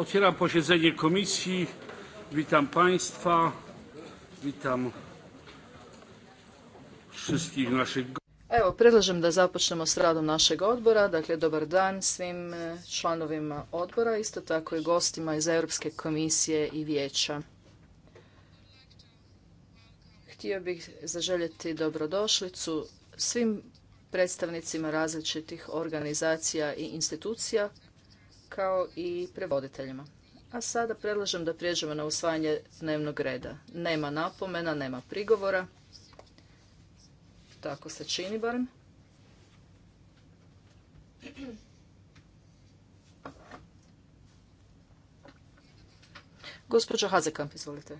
Otwieram posiedzenie komisji. Witam Państwa. Witam wszystkich naszych Evo, predlažem da započnemo s radom našeg odbora. Dakle, dobar dan svim e, članovima odbora, isto tako i gostima iz Europske komisije i vijeća. Htio bih zaželjeti dobrodošlicu svim predstavnicima različitih organizacija i institucija kao i prevoditeljima. A sada predlažem da prijeđemo na usvajanje dnevnog reda. Nema napomena, nema prigovora. Tako se čini barem. gospođa Hazekamp, izvolite.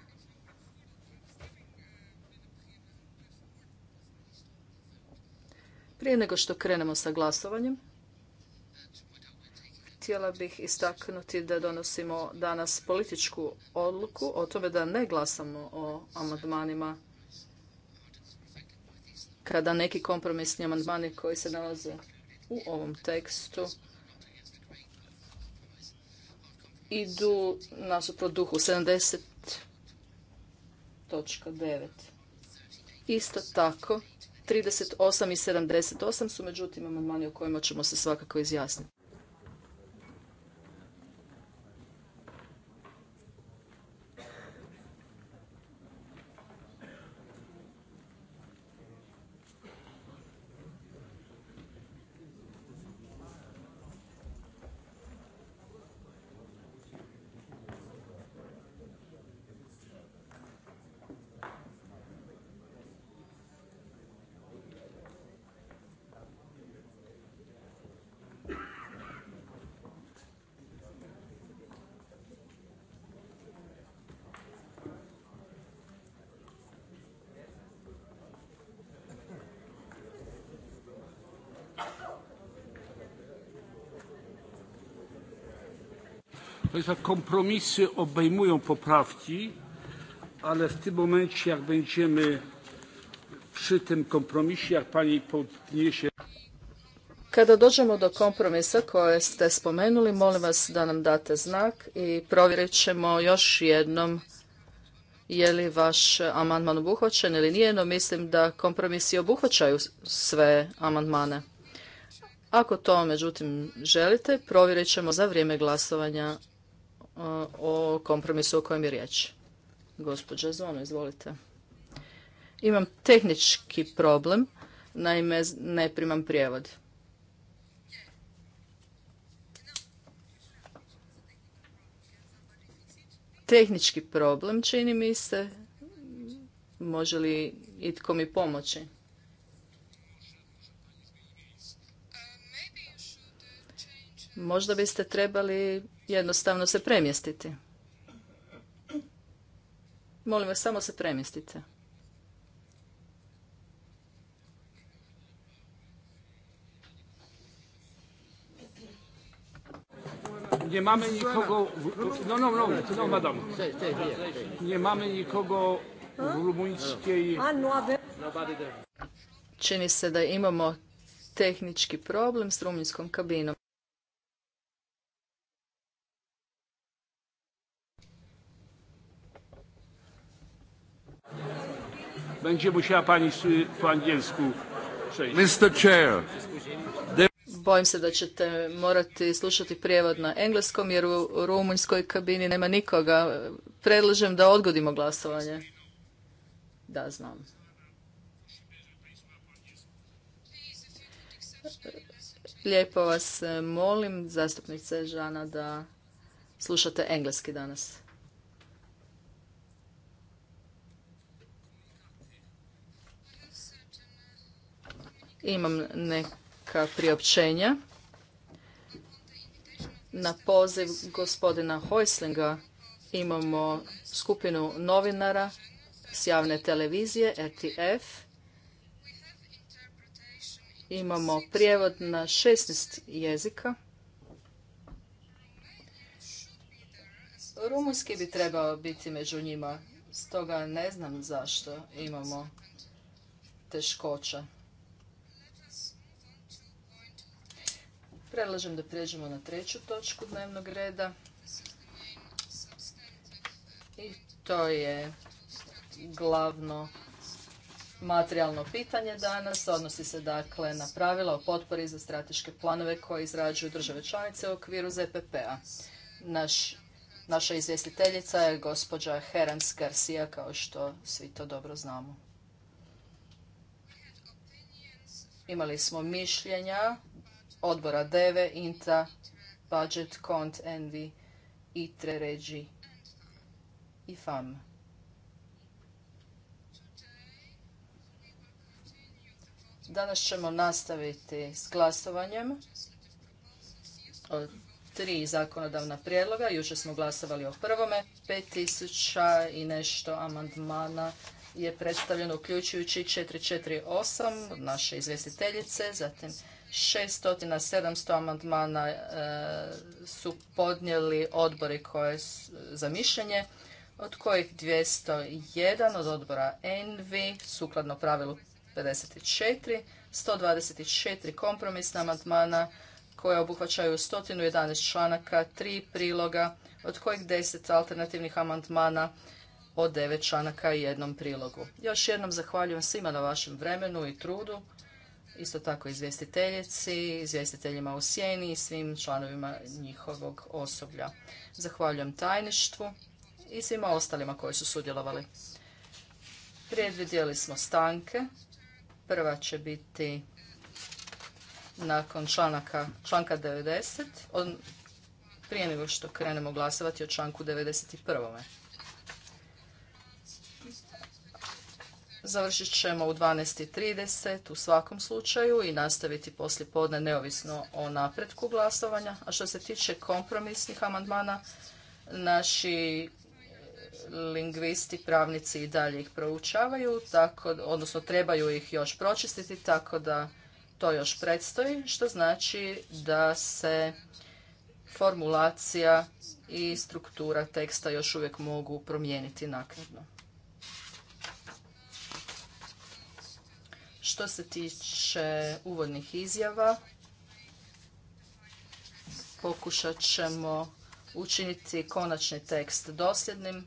Prije nego što krenemo sa glasovanjem, Htjela bih istaknuti da donosimo danas političku odluku o tome da ne glasamo o amandmanima kada neki kompromisni amandmani koji se nalaze u ovom tekstu idu nasuprot duhu 70.9. Isto tako, 38 i 78 su međutim amandmani o kojima ćemo se svakako izjasniti. Państwa, kompromisy obejmują poprawki, ale w tym momencie, jak będziemy przy tym kompromisie, jak Pani podniesie... Kada dođemo do kompromisa koje ste spomenuli, molim vas da nam date znak i provjerit ćemo još jednom je li vaš amandman obuhvaćen ili nije, no mislim da kompromisi obuhvaćaju sve amandmane. Ako to međutim želite, provjerit ćemo za vrijeme glasovanja o kompromisu o kojem je riječ. Gospođa Zvono, izvolite. Imam tehnički problem, naime ne primam prijevod. Tehnički problem, čini mi se. Može li itko mi pomoći? Možda biste trebali jednostavno se premjestiti. Molim vas, samo se premjestite. Nie mamy nikogo... No, no, no, Nie mamy nikogo Čini se da imamo tehnički problem s rumunjskom kabinom. Będzie musiała Bojim se da ćete morati slušati prijevod na engleskom jer u rumunjskoj kabini nema nikoga. Predlažem da odgodimo glasovanje. Da, znam. Lijepo vas eh, molim, zastupnice Žana, da slušate engleski danas. Imam neka priopćenja. Na poziv gospodina Hojslinga imamo skupinu novinara s javne televizije RTF. Imamo prijevod na 16 jezika. Rumunski bi trebao biti među njima, stoga ne znam zašto imamo teškoća. Predlažem da prijeđemo na treću točku dnevnog reda. I to je glavno materijalno pitanje danas. Odnosi se dakle na pravila o potpori za strateške planove koje izrađuju države članice u okviru ZPP-a. Naš, naša izvjestiteljica je gospođa Herans Garcia, kao što svi to dobro znamo. Imali smo mišljenja odbora DEVE, INTA, Budget, Cont, Envi, ITRE, REGI i FAM. Danas ćemo nastaviti s glasovanjem o tri zakonodavna prijedloga. Jučer smo glasovali o prvome. 5000 i nešto amandmana je predstavljeno uključujući 448 naše izvjestiteljice, zatim 600 700 amandmana e, su podnijeli odbori koje za mišljenje, od kojih 201 od odbora ENVI, sukladno pravilu 54, 124 kompromisna amandmana koje obuhvaćaju 111 članaka, 3 priloga, od kojih 10 alternativnih amandmana od 9 članaka i jednom prilogu. Još jednom zahvaljujem svima na vašem vremenu i trudu isto tako izvjestiteljici, izvjestiteljima u sjeni i svim članovima njihovog osoblja. Zahvaljujem tajništvu i svima ostalima koji su sudjelovali. Predvidjeli smo stanke. Prva će biti nakon članaka, članka 90, prije nego što krenemo glasovati o članku 91. Završit ćemo u 12.30 u svakom slučaju i nastaviti poslije podne neovisno o napretku glasovanja. A što se tiče kompromisnih amandmana, naši e, lingvisti, pravnici i dalje ih proučavaju, tako, odnosno trebaju ih još pročistiti, tako da to još predstoji, što znači da se formulacija i struktura teksta još uvijek mogu promijeniti naknadno. Što se tiče uvodnih izjava, pokušat ćemo učiniti konačni tekst dosljednim.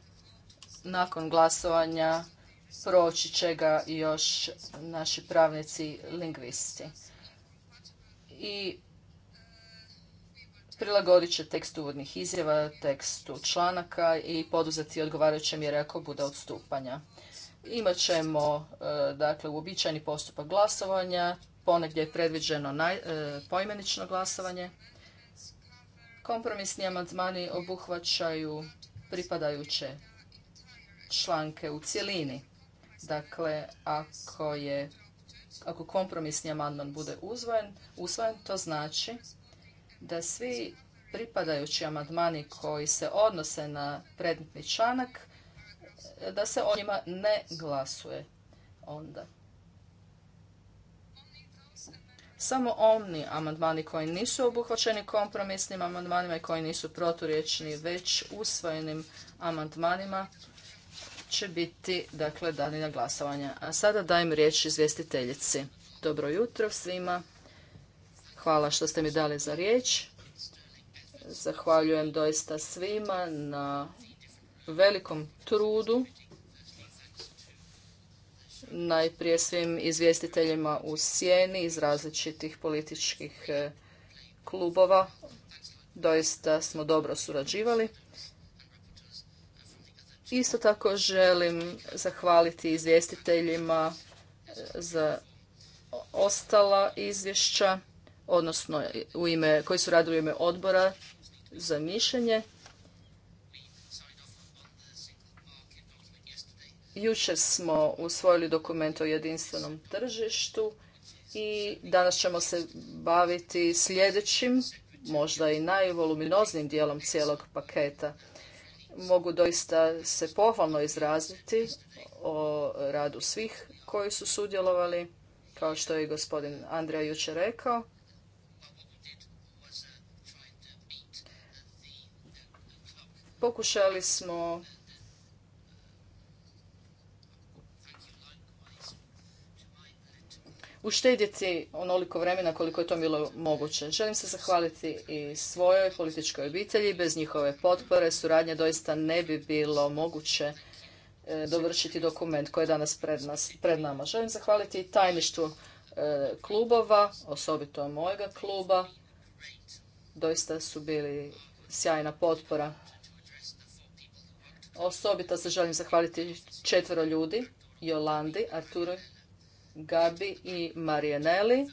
Nakon glasovanja proći će ga još naši pravnici lingvisti. I prilagodit će tekst uvodnih izjava, tekstu članaka i poduzeti odgovarajuće mjere ako bude odstupanja. Imat ćemo e, dakle uobičajeni postupak glasovanja, ponegdje je predviđeno e, poimenično glasovanje. Kompromisni amandmani obuhvaćaju pripadajuće članke u cjelini. Dakle, ako je ako kompromisni amandman bude uzvojen, usvojen, to znači da svi pripadajući amandmani koji se odnose na predmetni članak da se o njima ne glasuje onda. Samo oni amandmani koji nisu obuhvaćeni kompromisnim amandmanima i koji nisu proturječni već usvojenim amandmanima će biti dakle dani na glasovanje. A sada dajem riječ izvjestiteljici. Dobro jutro svima. Hvala što ste mi dali za riječ. Zahvaljujem doista svima na velikom trudu najprije svim izvjestiteljima u sjeni iz različitih političkih e, klubova. Doista smo dobro surađivali. Isto tako želim zahvaliti izvjestiteljima e, za ostala izvješća, odnosno u ime, koji su radili u ime odbora za mišljenje. Jučer smo usvojili dokument o jedinstvenom tržištu i danas ćemo se baviti sljedećim, možda i najvoluminoznijim dijelom cijelog paketa. Mogu doista se pohvalno izraziti o radu svih koji su sudjelovali, kao što je i gospodin Andrija jučer rekao. Pokušali smo uštedjeti onoliko vremena koliko je to bilo moguće. Želim se zahvaliti i svojoj političkoj obitelji. Bez njihove potpore suradnje doista ne bi bilo moguće e, dovršiti dokument koji je danas pred, nas, pred nama. Želim zahvaliti i tajništvu e, klubova, osobito mojega kluba. Doista su bili sjajna potpora. Osobito se želim zahvaliti četvero ljudi, Jolandi, Arturoj. Gabi i Marijaneli.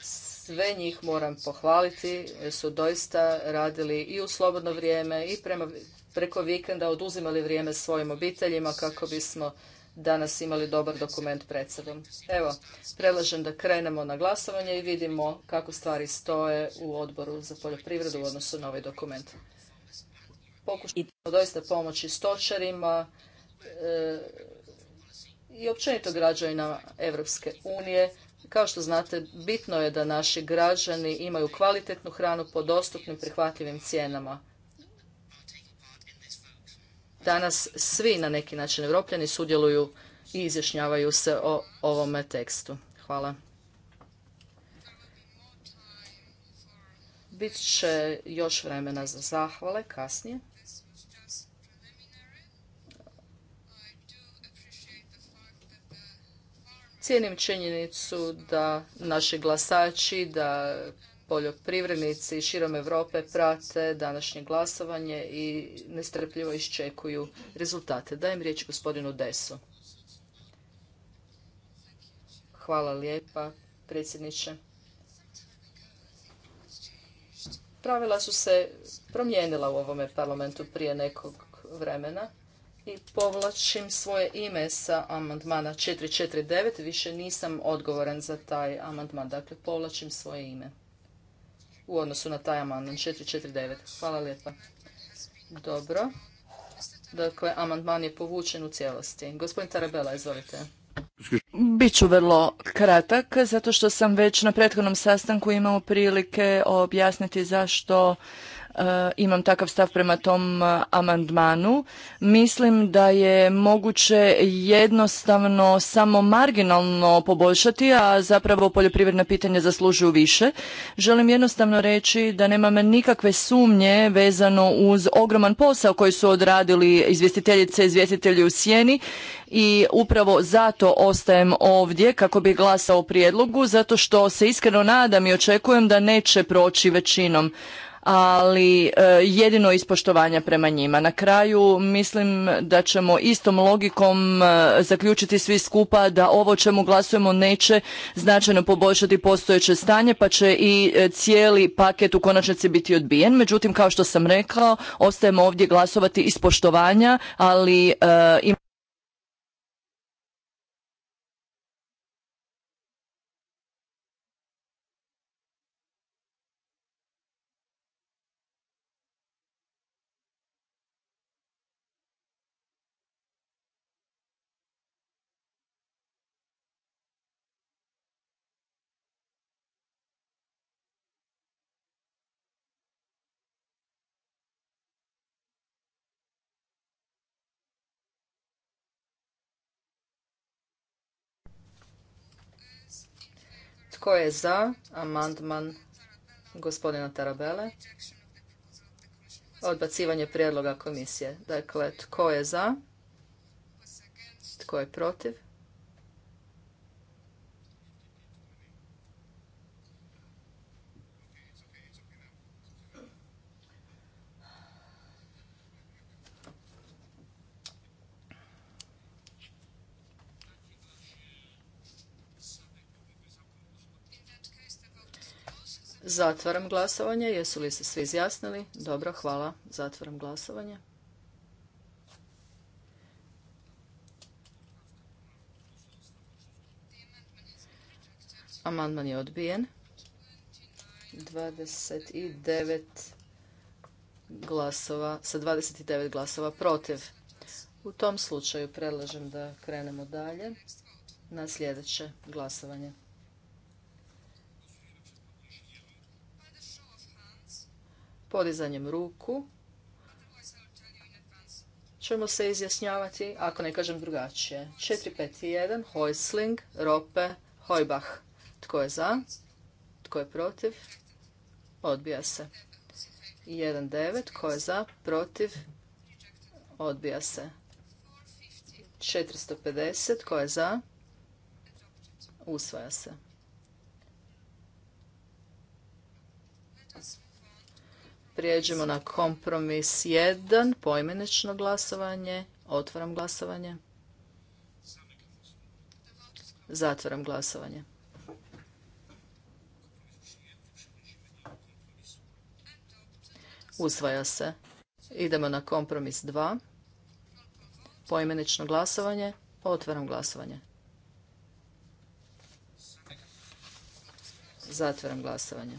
Sve njih moram pohvaliti, su doista radili i u slobodno vrijeme i prema, preko vikenda oduzimali vrijeme svojim obiteljima kako bismo danas imali dobar dokument pred sobom. Evo, predlažem da krenemo na glasovanje i vidimo kako stvari stoje u odboru za poljoprivredu u odnosu na ovaj dokument. Pokušamo doista pomoći stočarima, e, i općenito građanima Europske unije. Kao što znate, bitno je da naši građani imaju kvalitetnu hranu po dostupnim prihvatljivim cijenama. Danas svi na neki način evropljani sudjeluju i izjašnjavaju se o ovome tekstu. Hvala. Bit će još vremena za zahvale kasnije. Cijenim činjenicu da naši glasači, da poljoprivrednici širom Europe prate današnje glasovanje i nestrpljivo iščekuju rezultate. Dajem riječ gospodinu Desu. Hvala lijepa, predsjedniče. Pravila su se promijenila u ovome parlamentu prije nekog vremena i povlačim svoje ime sa amandmana 449. Više nisam odgovoran za taj amandman. Dakle, povlačim svoje ime u odnosu na taj amandman 449. Hvala lijepa. Dobro. Dakle, amandman je povučen u cijelosti. Gospodin Tarabela, izvolite. Biću vrlo kratak, zato što sam već na prethodnom sastanku imao prilike objasniti zašto Eh, imam takav stav prema tom eh, amandmanu. Mislim da je moguće jednostavno samo marginalno poboljšati, a zapravo poljoprivredna pitanja zaslužuju više. Želim jednostavno reći da nemam nikakve sumnje vezano uz ogroman posao koji su odradili izvjestiteljice, i izvjestitelji u sjeni i upravo zato ostajem ovdje kako bi glasao o prijedlogu, zato što se iskreno nadam i očekujem da neće proći većinom ali e, jedino poštovanja prema njima. Na kraju mislim da ćemo istom logikom e, zaključiti svi skupa da ovo čemu glasujemo neće značajno poboljšati postojeće stanje pa će i e, cijeli paket u konačnici biti odbijen. Međutim, kao što sam rekao, ostajemo ovdje glasovati iz poštovanja, ali Tko je za amandman gospodina Tarabele? Odbacivanje prijedloga komisije. Dakle, tko je za? Tko je protiv? Zatvaram glasovanje. Jesu li se svi izjasnili? Dobro, hvala. Zatvaram glasovanje. Amandman je odbijen. 29 glasova, sa 29 glasova protiv. U tom slučaju predlažem da krenemo dalje na sljedeće glasovanje. podizanjem ruku ćemo se izjasnjavati, ako ne kažem drugačije. 1. Hojsling, Rope, Hojbach. Tko je za? Tko je protiv? Odbija se. 9. Tko je za? Protiv? Odbija se. 450. Tko je za? Usvaja se. Prijeđemo na kompromis 1, poimenično glasovanje. Otvaram glasovanje. Zatvaram glasovanje. Usvaja se. Idemo na kompromis 2. Poimenično glasovanje. Otvaram glasovanje. Zatvaram glasovanje.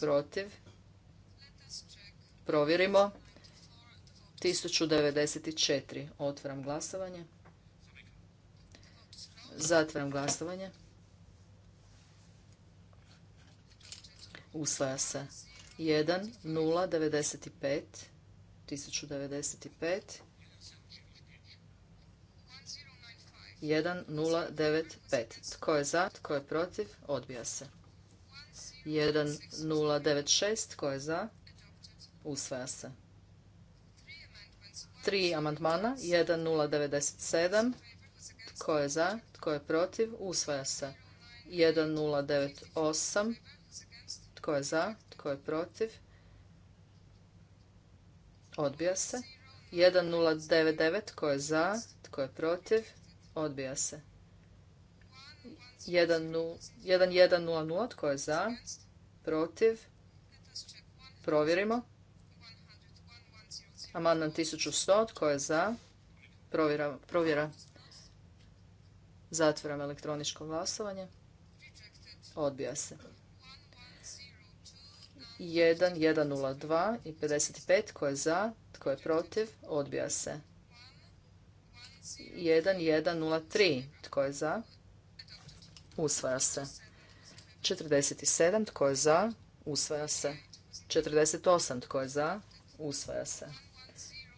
protiv, provjerimo, 1094. Otvaram glasovanje. Zatvaram glasovanje. Usvaja se. 1095. 0, 95, 1095, 1095. Tko je za, tko je protiv, odbija se. 1096. Tko je za? Usvaja se. Tri amandmana. 1097. Tko je za? Tko je protiv? Usvaja se. 1098. Tko je za? Tko je protiv? Odbija se. 1099. Tko je za? Tko je protiv? Odbija se. 1100. Tko je za? Protiv? Provjerimo. Amandman 1100. Tko je za? Provjera. provjera. Zatvaram elektroničko glasovanje. Odbija se. 1102 i 55. Tko je za? Tko je protiv? Odbija se. 1103. Tko je za? Usvaja se. 47. Tko je za? Usvaja se. 48. Tko je za? Usvaja se.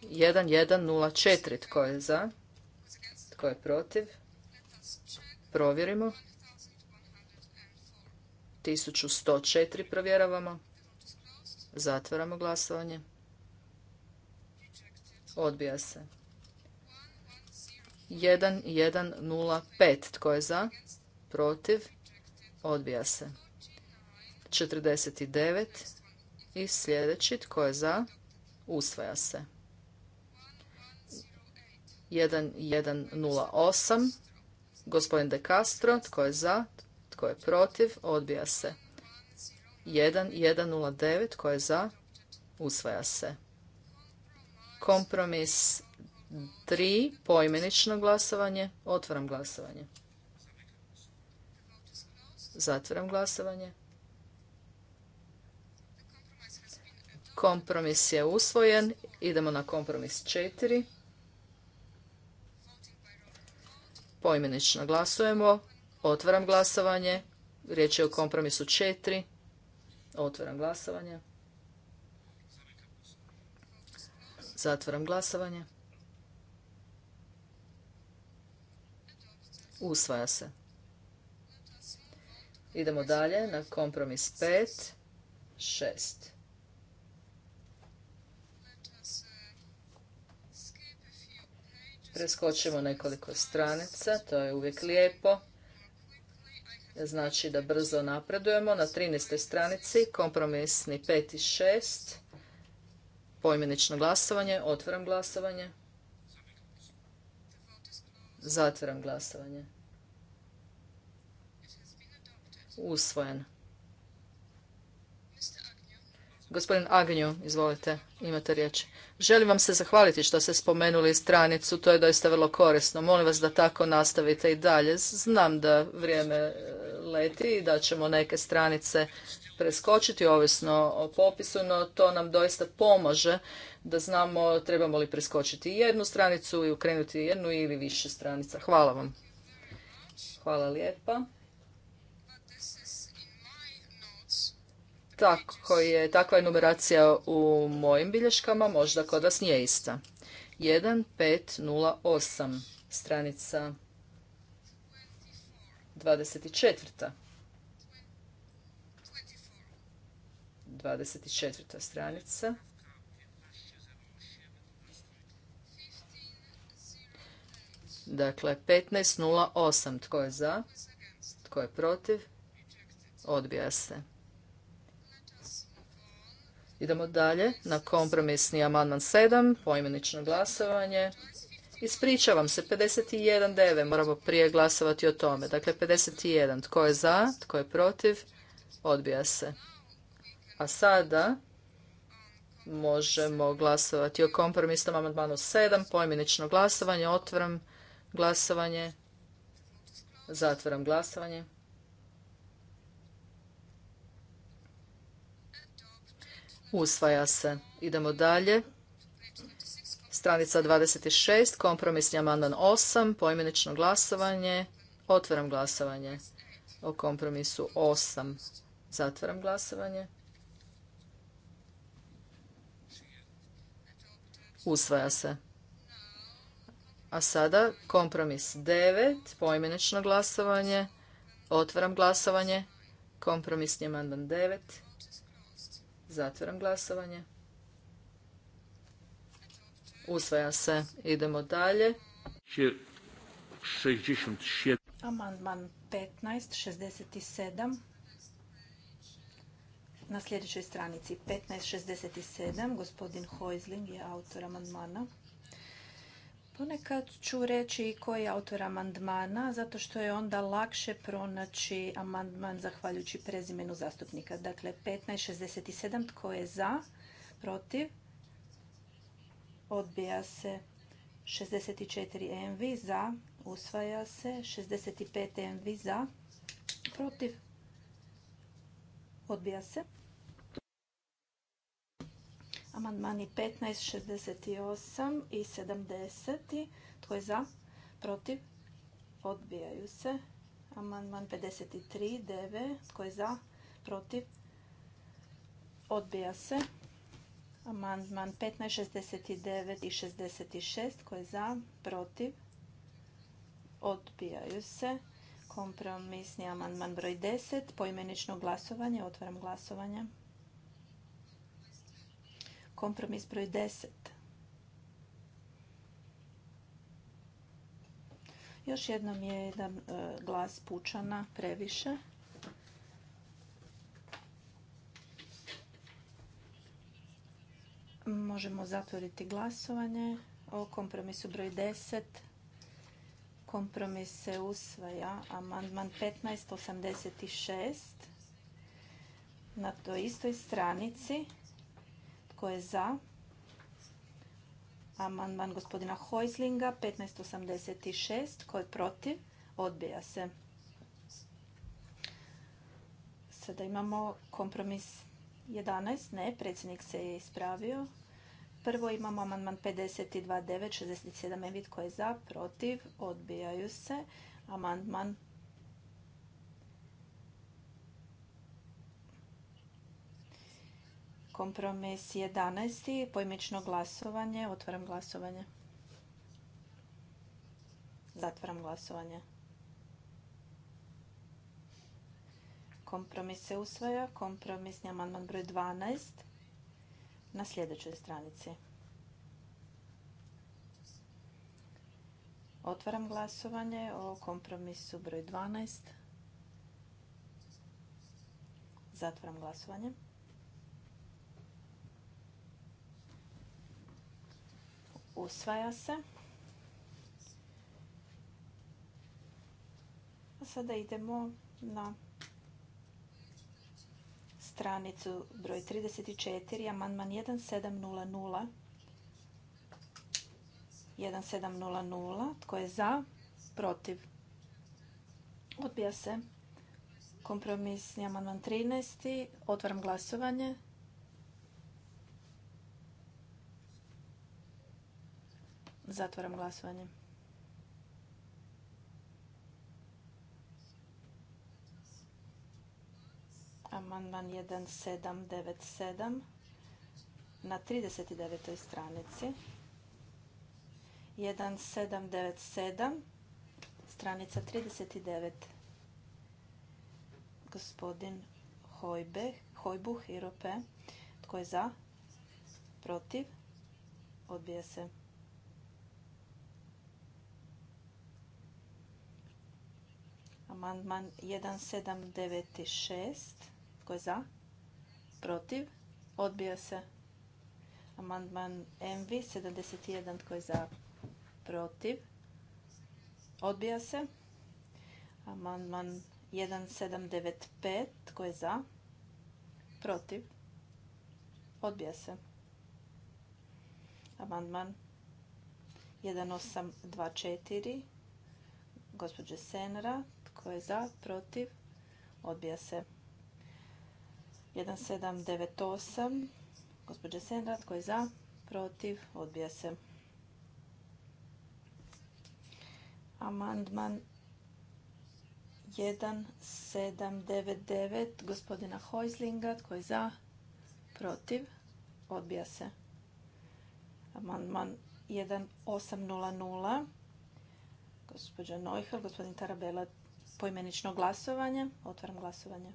1104. Tko je za? Tko je protiv? Provjerimo. 1104 provjeravamo. Zatvaramo glasovanje. Odbija se. 1105. Tko je za? protiv, odbija se. 49 i sljedeći tko je za, usvaja se. 1108 gospodin De Castro, tko je za, tko je protiv, odbija se. 1109 tko je za, usvaja se. Kompromis 3 poimenično glasovanje, otvaram glasovanje. Zatvaram glasovanje. Kompromis je usvojen. Idemo na kompromis četiri. Poimenično glasujemo. Otvaram glasovanje. Riječ je o kompromisu četiri. Otvaram glasovanje. Zatvaram glasovanje. Usvaja se. Idemo dalje na kompromis 5, 6. Preskočimo nekoliko stranica, to je uvijek lijepo. Znači da brzo napredujemo. Na 13. stranici kompromisni 5 i 6. Poimenično glasovanje. Otvaram glasovanje. Zatvaram glasovanje usvojen. Gospodin Agnju, izvolite, imate riječ. Želim vam se zahvaliti što ste spomenuli stranicu, to je doista vrlo korisno. Molim vas da tako nastavite i dalje. Znam da vrijeme e, leti i da ćemo neke stranice preskočiti, ovisno o popisu, no to nam doista pomaže da znamo trebamo li preskočiti jednu stranicu i ukrenuti jednu ili više stranica. Hvala vam. Hvala lijepa. Tako je, takva je numeracija u mojim bilješkama, možda kod vas nije ista. 1508, stranica 24. 24. stranica. 15. Dakle, 15.08. Tko je za? Tko je protiv? Odbija se. Idemo dalje na kompromisni amandman 7, poimenično glasovanje. Ispričavam se, 51 deve, moramo prije glasovati o tome. Dakle, 51, tko je za, tko je protiv, odbija se. A sada možemo glasovati o kompromisnom amandmanu 7, poimenično glasovanje, otvaram glasovanje, zatvaram glasovanje. Usvaja se. Idemo dalje. Stranica 26, kompromisni amandman 8, poimenično glasovanje. Otvaram glasovanje o kompromisu 8. Zatvaram glasovanje. Usvaja se. A sada kompromis 9, poimenično glasovanje. Otvaram glasovanje. Kompromisni amandman 9. Zatvaram glasovanje. Usvaja se. Idemo dalje. Amandman 1567. Na sljedećoj stranici 1567 gospodin Hojzling je autor amandmana. Ponekad ću reći i koji je autor amandmana, zato što je onda lakše pronaći amandman zahvaljujući prezimenu zastupnika. Dakle, 15.67, tko je za, protiv, odbija se 64 MV za, usvaja se 65 MV za, protiv, odbija se Amandmani 15, 68 i 70. Tko je za? Protiv? Odbijaju se. Amandman 53, 9. Tko je za? Protiv? Odbija se. Amandman 15, 69 i 66. Tko je za? Protiv? Odbijaju se. Kompromisni amandman broj 10. Poimenično glasovanje. Otvaram glasovanje. Kompromis broj 10. Još jednom je jedan e, glas pučana previše. Možemo zatvoriti glasovanje o kompromisu broj 10. Kompromis se usvaja. Amandman 1586 na toj istoj stranici tko je za? Amandman gospodina Hojslinga, 1586. Tko je protiv? Odbija se. Sada imamo kompromis 11. Ne, predsjednik se je ispravio. Prvo imamo amandman 52967, evit Evi tko je za? Protiv? Odbijaju se. Amandman Kompromis 11. Pojmično glasovanje. Otvaram glasovanje. Zatvaram glasovanje. Kompromis se usvaja. Kompromisni amandman broj 12 na sljedećoj stranici. Otvaram glasovanje o kompromisu broj 12. Zatvaram glasovanje. usvaja se. A sada idemo na stranicu broj 34, amandman 1700. 1700. Tko je za? Protiv? Odbija se. Kompromisni amandman 13. Otvaram glasovanje. Zatvaram glasovanje. Amandman 1797 na 39. stranici. 1797 stranica 39. Gospodin Hojbe, Hojbuh i Rope. Tko je za? Protiv? Odbija se. Amandman 1796. Tko je za? Protiv? Odbija se. Amandman MV 71. Tko je za? Protiv? Odbija se. Amandman 1795. Tko je za? Protiv? Odbija se. Amandman 1824. Gospođe Senra. Tko je za? Protiv? Odbija se. 1798. Gospođa Senrad Tko je za? Protiv? Odbija se. Amandman 1799. Gospodina Hojzlinga. Tko je za? Protiv? Odbija se. Amandman 1800. Gospođa Neuhel, gospodin Tarabela, Poimenično glasovanje. Otvaram glasovanje.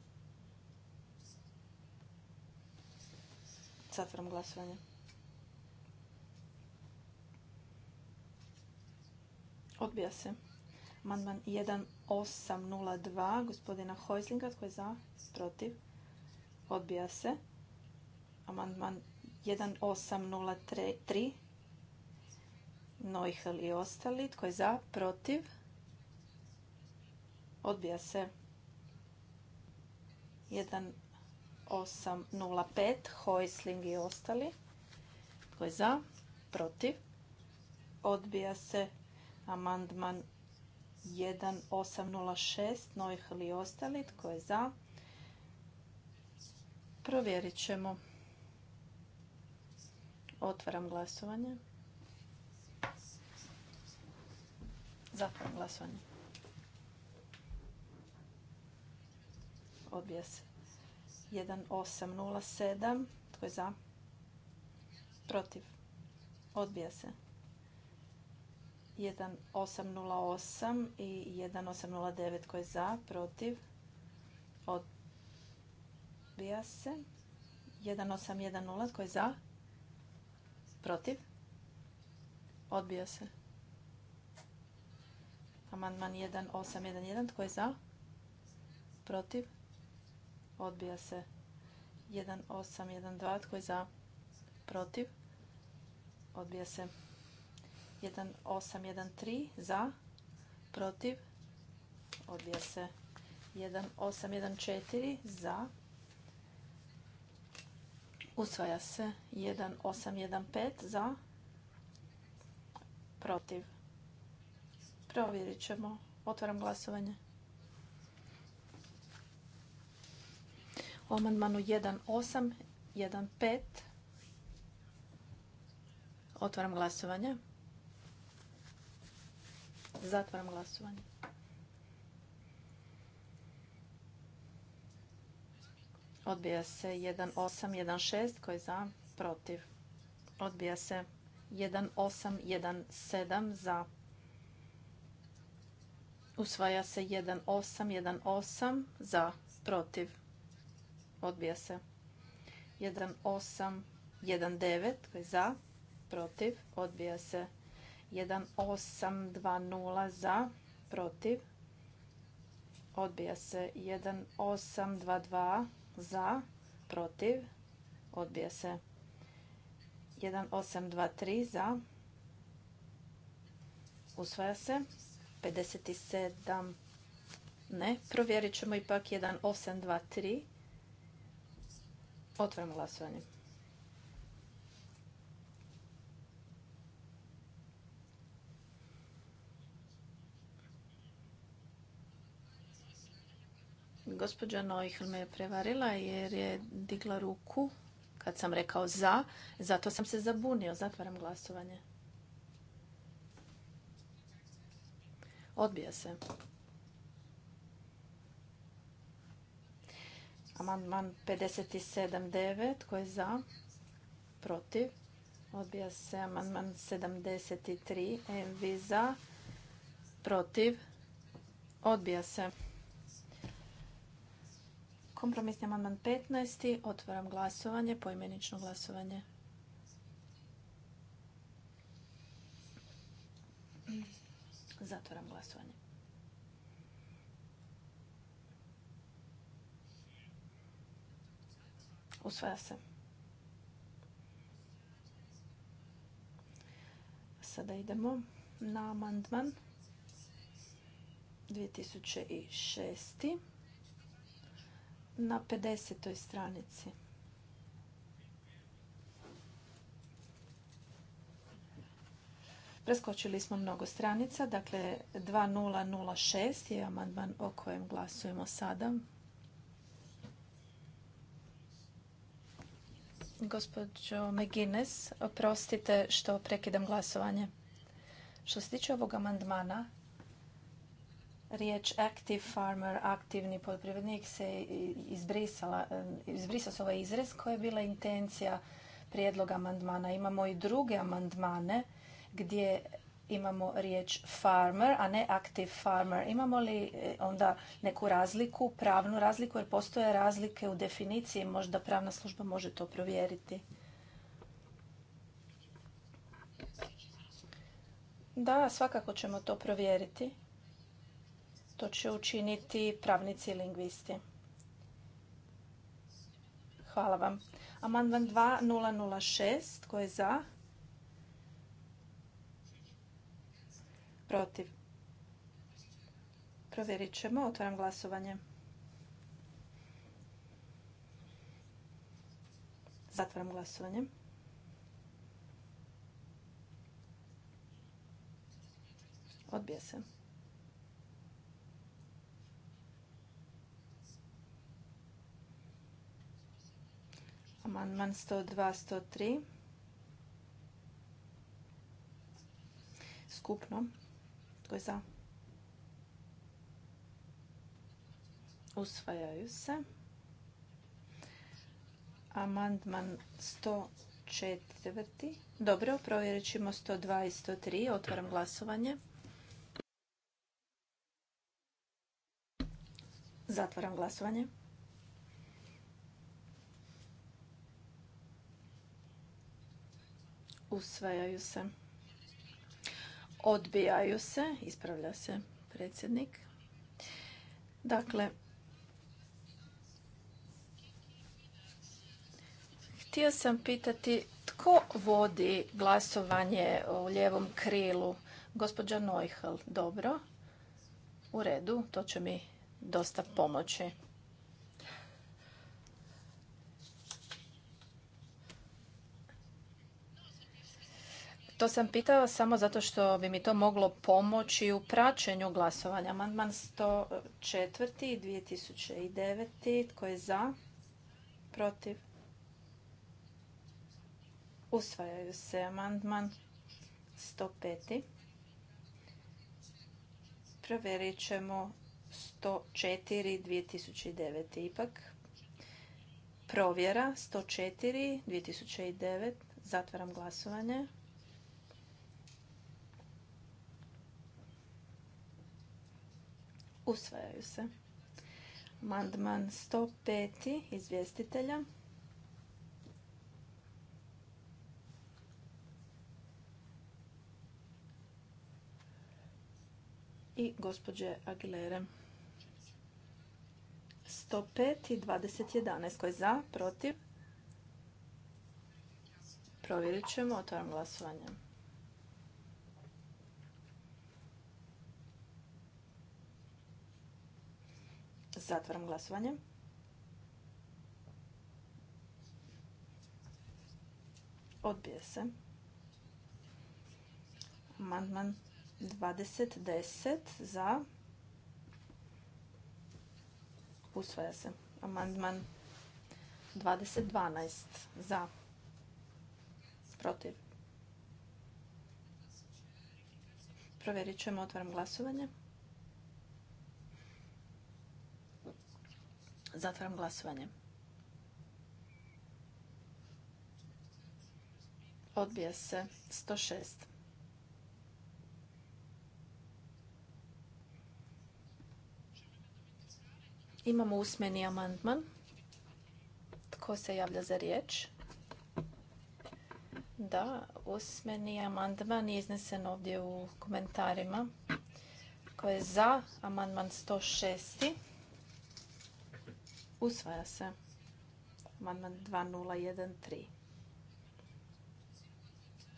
Zatvaram glasovanje. Odbija se. Amandman 1802 gospodina Hojslinga. Tko je za? Protiv. Odbija se. Amandman 1803 Noihel i ostali. Tko je za? Protiv. Odbija se. 1805. Hoisling i ostali. Tko je za? Protiv. Odbija se amandman 1806. novih ili ostali. Tko je za? Provjerit ćemo. Otvaram glasovanje. Zatvaram glasovanje. odbija se. 1807, tko je za? Protiv, odbija se. 1808 i 1809 koji je za, protiv, odbija se. 1810 koji je za, protiv, odbija se. Amandman 1811 koji je za, protiv, odbija se 1812 tko je za protiv odbija se 1813 za protiv odbija se 1814 za usvaja se 1815 za protiv provjerit ćemo otvaram glasovanje o amandmanu 1815. Otvaram glasovanje. Zatvaram glasovanje. Odbija se 1816 koji je za, protiv. Odbija se 1817 za. Usvaja se 1818 za, protiv odbija se. 1819 koji za, protiv, odbija se. 1820 za, protiv, odbija se. 1822 za, protiv, odbija se. 1823 za, usvaja se. 57 ne, provjerit ćemo ipak 1823. Otvaram glasovanje. Gospođa Neuhl me je prevarila jer je digla ruku kad sam rekao za. Zato sam se zabunio. Zatvaram glasovanje. Odbija se. Amandman 57.9. Tko je za? Protiv? Odbija se amandman 73. vi za? Protiv? Odbija se. Kompromisni amandman 15. Otvaram glasovanje, poimenično glasovanje. Zatvaram glasovanje. Usvaja se. Sada idemo na amandman 2006. na 50. stranici. Preskočili smo mnogo stranica, dakle 2006 je amandman o kojem glasujemo sada. Gospođo McGuinness, oprostite što prekidam glasovanje. Što se tiče ovog amandmana, riječ active farmer, aktivni poljoprivrednik se izbrisala, izbrisao se ovaj izrez koja je bila intencija prijedloga amandmana. Imamo i druge amandmane gdje imamo riječ farmer, a ne active farmer. Imamo li e, onda neku razliku, pravnu razliku, jer postoje razlike u definiciji, možda pravna služba može to provjeriti. Da, svakako ćemo to provjeriti. To će učiniti pravnici i lingvisti. Hvala vam. Amandman 2006, tko je za? Protiv. Provjerit ćemo. Otvaram glasovanje. Zatvaram glasovanje. Odbija se. Amandman 102, 103. Skupno. Usvajaju se. Amandman 104. Dobro, provjerit ćemo 102 i 103. Otvaram glasovanje. Zatvaram glasovanje. Usvajaju se. Odbijaju se, ispravlja se predsjednik. Dakle, htio sam pitati tko vodi glasovanje u lijevom krilu? Gospođa Nojhal, dobro. U redu, to će mi dosta pomoći. To sam pitala samo zato što bi mi to moglo pomoći u praćenju glasovanja. Amandman 104. 2009. Tko je za? Protiv? Usvajaju se amandman 105. Provjerit ćemo 104. 2009. Ipak provjera 104. 2009. Zatvaram glasovanje. Usvajaju se. Mandman 105. izvjestitelja. I gospođe Aguilere. 105 i 2011. Koji za, protiv? Provjerit ćemo. Otvaram glasovanje. Zatvaram glasovanje. Odbije se. Amandman 20.10 za. Usvaja se. Amandman 20.12 za. Protiv. Provjerit ćemo. Otvaram glasovanje. Zatvaram glasovanje. Odbija se 106. Imamo usmeni amandman. Tko se javlja za riječ? Da, usmeni amandman je iznesen ovdje u komentarima. Tko je za amandman 106. Usvaja se. Amandman 2013.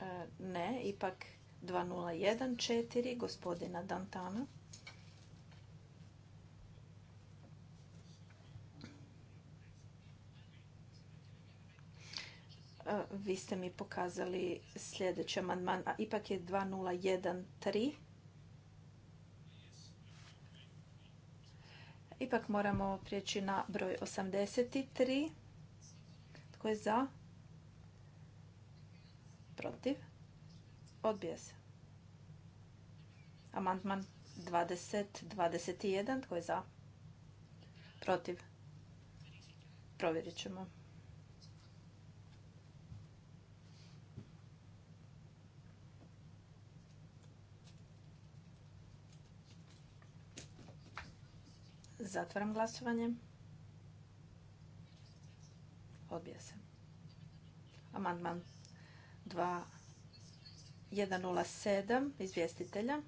E, ne, ipak 2014 gospodina Dantana. E, vi ste mi pokazali sljedeći amandman, a ipak je 2013 Ipak moramo prijeći na broj 83. Tko je za? Protiv? Odbija se. Amandman 20, 21. Tko je za? Protiv? Provjerit ćemo. Zatvaram glasovanje. Odbija se. Amandman 2107 izvjestitelja.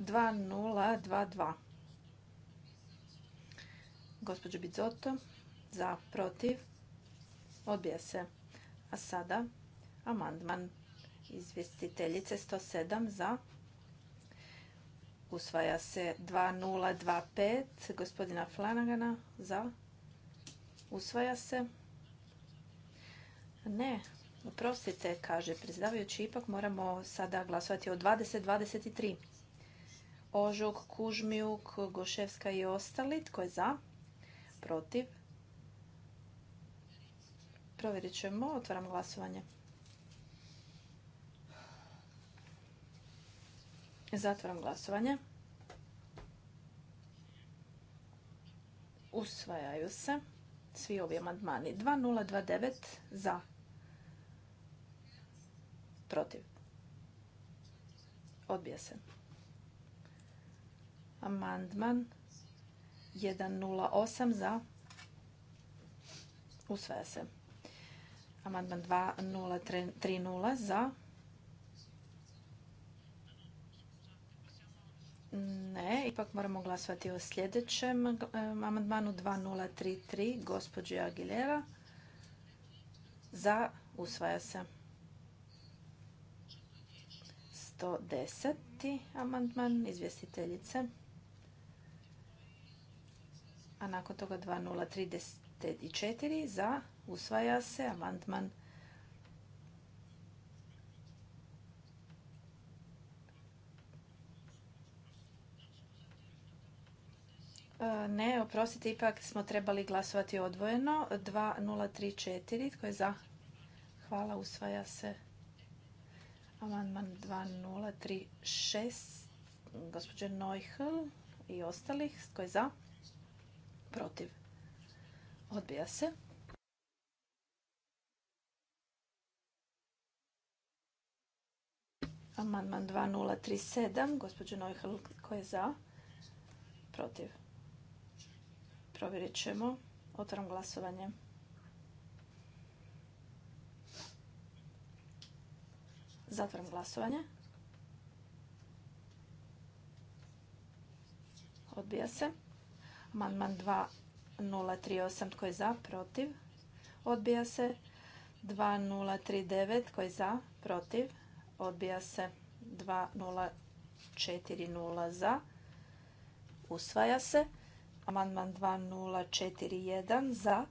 2022. Gospođo Bizoto, za, protiv, odbija se. A sada amandman izvjestiteljice 107 za, Usvaja se 2025 gospodina Flanagana za. Usvaja se. Ne, oprostite, kaže predsjedavajući, ipak moramo sada glasovati o 2023. Ožog, Kužmijuk, Goševska i ostali. Tko je za? Protiv? Provjerit ćemo. Otvaram glasovanje. Zatvaram glasovanje. Usvajaju se svi ovi amandmani. 2029 za. Protiv. Odbija se. Amandman 108 za. Usvaja se. Amandman 2030 za. Ne, ipak moramo glasovati o sljedećem amandmanu 2033 gospođe Aguilera. Za usvaja se. 110. amandman izvjestiteljice. A nakon toga 2034 za usvaja se amandman E, ne, oprostite, ipak smo trebali glasovati odvojeno. 2034, tko je za? Hvala, usvaja se. Amandman 2036, gospođe Neuhl i ostalih, tko je za? Protiv. Odbija se. Amandman 2037, gospođe Neuhl, tko je za? Protiv Provjerit ćemo. Otvaram glasovanje. Zatvaram glasovanje. Odbija se. Amandman 2038 tko je za, protiv. Odbija se. 2039 tko je za, protiv. Odbija se. 2040 za. Usvaja se. Amandman 2041 za,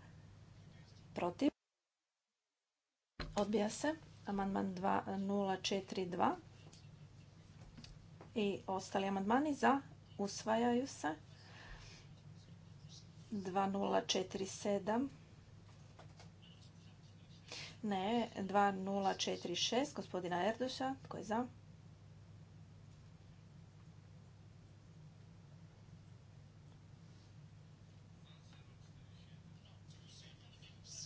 protiv. Odbija se. Amandman 2042 i ostali amandmani za, usvajaju se. 2047 ne, 2046 gospodina Erduša, koji je za?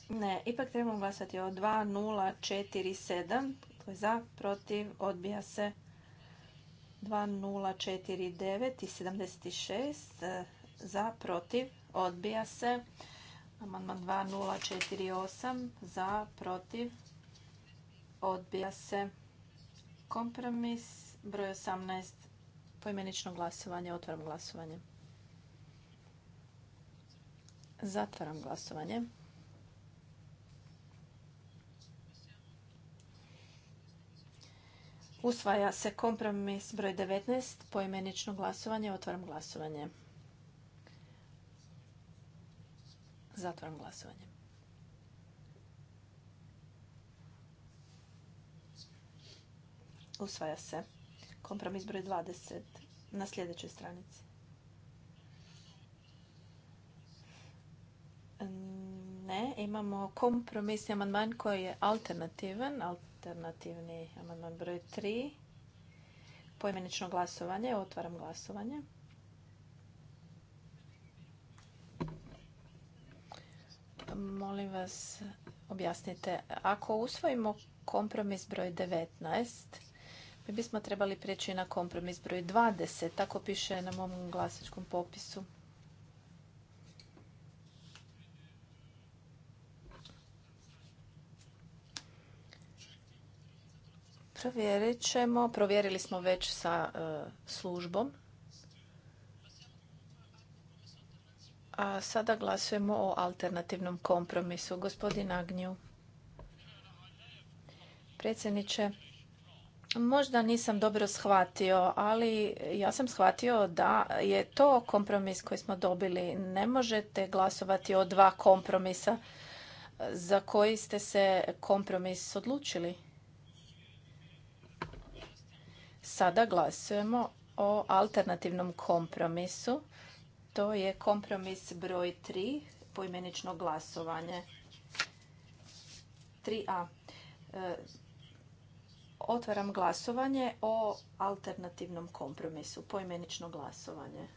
Ne, ipak trebamo glasati o 2047. To je za, protiv, odbija se 2049 i 76. E, za, protiv, odbija se. Amandman 2048. Za, protiv, odbija se. Kompromis broj 18. Poimenično glasovanje. Otvaram glasovanje. Zatvaram glasovanje. Usvaja se kompromis broj 19, poimenično glasovanje, otvaram glasovanje. Zatvaram glasovanje. Usvaja se kompromis broj 20 na sljedećoj stranici. Ne, imamo kompromisni amandman koji je alternativan, alternativni amandman broj 3. Poimenično glasovanje. Otvaram glasovanje. Molim vas, objasnite. Ako usvojimo kompromis broj 19, mi bismo trebali prijeći na kompromis broj 20. Tako piše na mom glasačkom popisu. Provjerit ćemo. Provjerili smo već sa e, službom. A sada glasujemo o alternativnom kompromisu. Gospodin Agnju. Predsjedniče, možda nisam dobro shvatio, ali ja sam shvatio da je to kompromis koji smo dobili. Ne možete glasovati o dva kompromisa za koji ste se kompromis odlučili. Sada glasujemo o alternativnom kompromisu. To je kompromis broj 3, poimenično glasovanje. 3a. E, otvaram glasovanje o alternativnom kompromisu, poimenično glasovanje.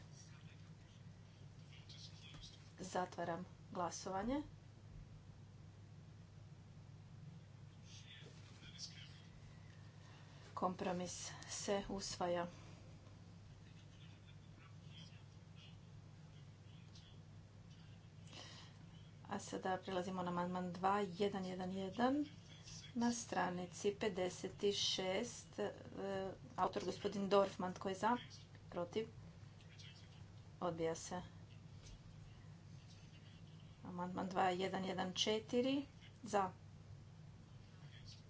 Zatvaram glasovanje. Kompromis se usvaja. A sada prelazimo na amandman 2111 na stranici 56. E, autor gospodin Dorfman, tko je za? Protiv? Odbija se. Amandman 2114 za?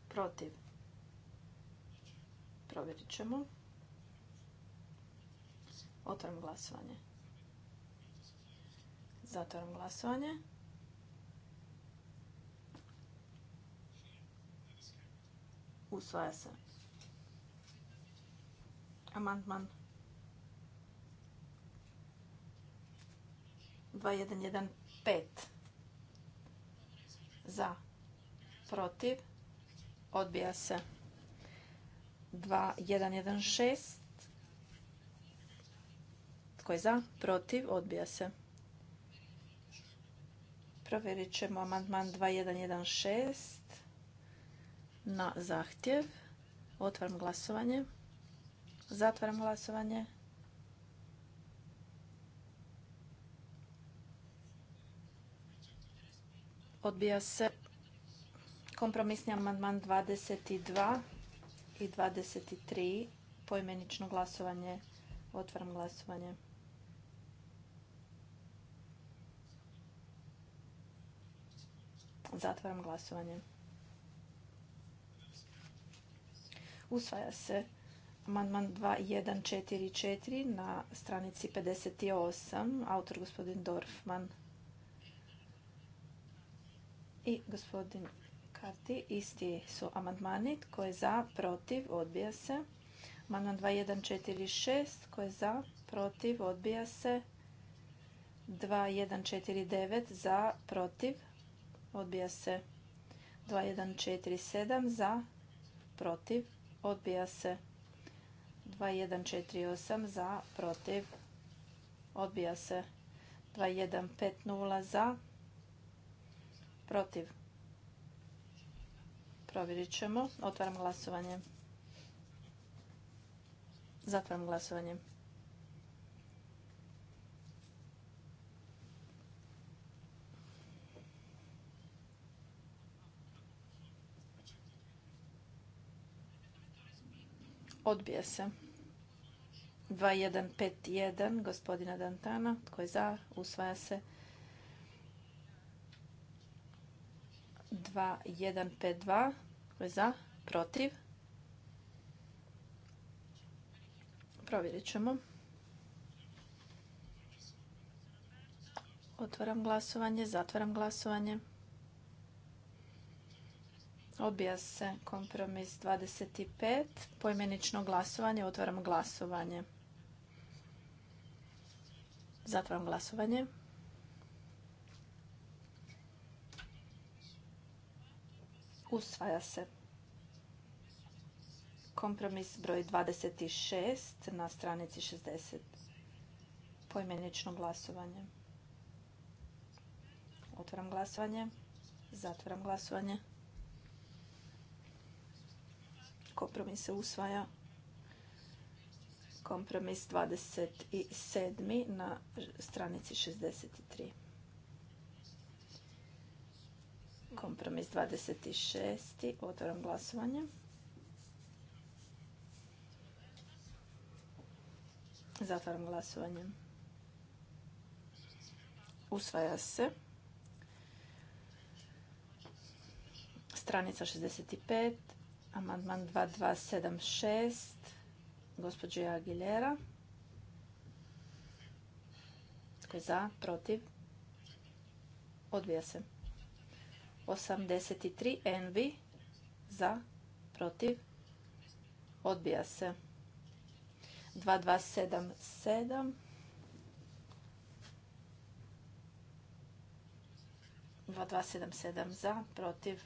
Protiv? Provjerit ćemo. Otvaram glasovanje. Zatvaram glasovanje. Usvaja se. Amandman 2115. Za. Protiv. Odbija se. 2116. Tko je za? Protiv? Odbija se. Provjerit ćemo amandman 2116 na zahtjev. Otvaram glasovanje. Zatvaram glasovanje. Odbija se kompromisni amandman 22 i 23 poimenično glasovanje. Otvaram glasovanje. Zatvaram glasovanje. Usvaja se amandman 2144 na stranici 58, autor gospodin Dorfman i gospodin Isti su amandmani. Tko je za, protiv, odbija se. Amandman 2146. Tko je za, protiv, odbija se. 2149. Za, protiv, odbija se. 2147. Za, protiv, odbija se. 2148. Za, protiv, odbija se. 2150. Za, protiv, Provjerit ćemo. Otvaram glasovanje. Zatvaram glasovanje. Odbije se. 2151 gospodina Dantana. Tko je za? Usvaja se. 2152 tko je za? Protiv? Provjerit ćemo. Otvaram glasovanje, zatvaram glasovanje. Obija se kompromis 25. Pojmenično glasovanje, otvaram glasovanje. Zatvaram glasovanje. Usvaja se. Kompromis broj 26 na stranici 60. Pojmenično glasovanje. Otvaram glasovanje. Zatvaram glasovanje. Kompromis se usvaja. Kompromis 27. na stranici 63. Kompromis 26. Otvaram glasovanje. Zatvaram glasovanje. Usvaja se. Stranica 65, amandman 2276, gospođe Aguilera. Tko je za, protiv? Odvija se. 83 envi za protiv odbija se 2277 2277 za protiv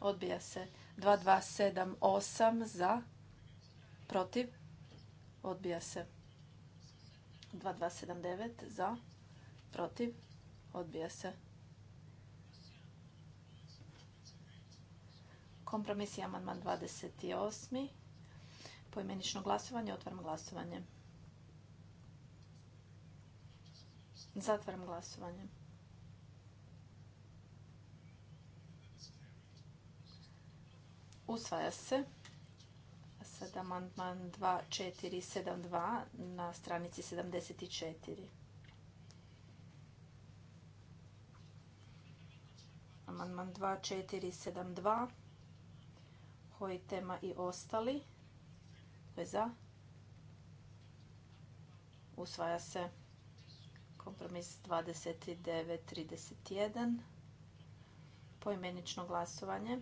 odbija se 2278 za protiv odbija se 2279 za protiv odbija se Kompromis je amandman 28. Poimenično glasovanje. Otvaram glasovanje. Zatvaram glasovanje. Usvaja se. Sad amandman 2472 na stranici 74. Amandman 2472 koji tema i ostali. Veza. je za? Usvaja se kompromis 29.31. Poimenično glasovanje.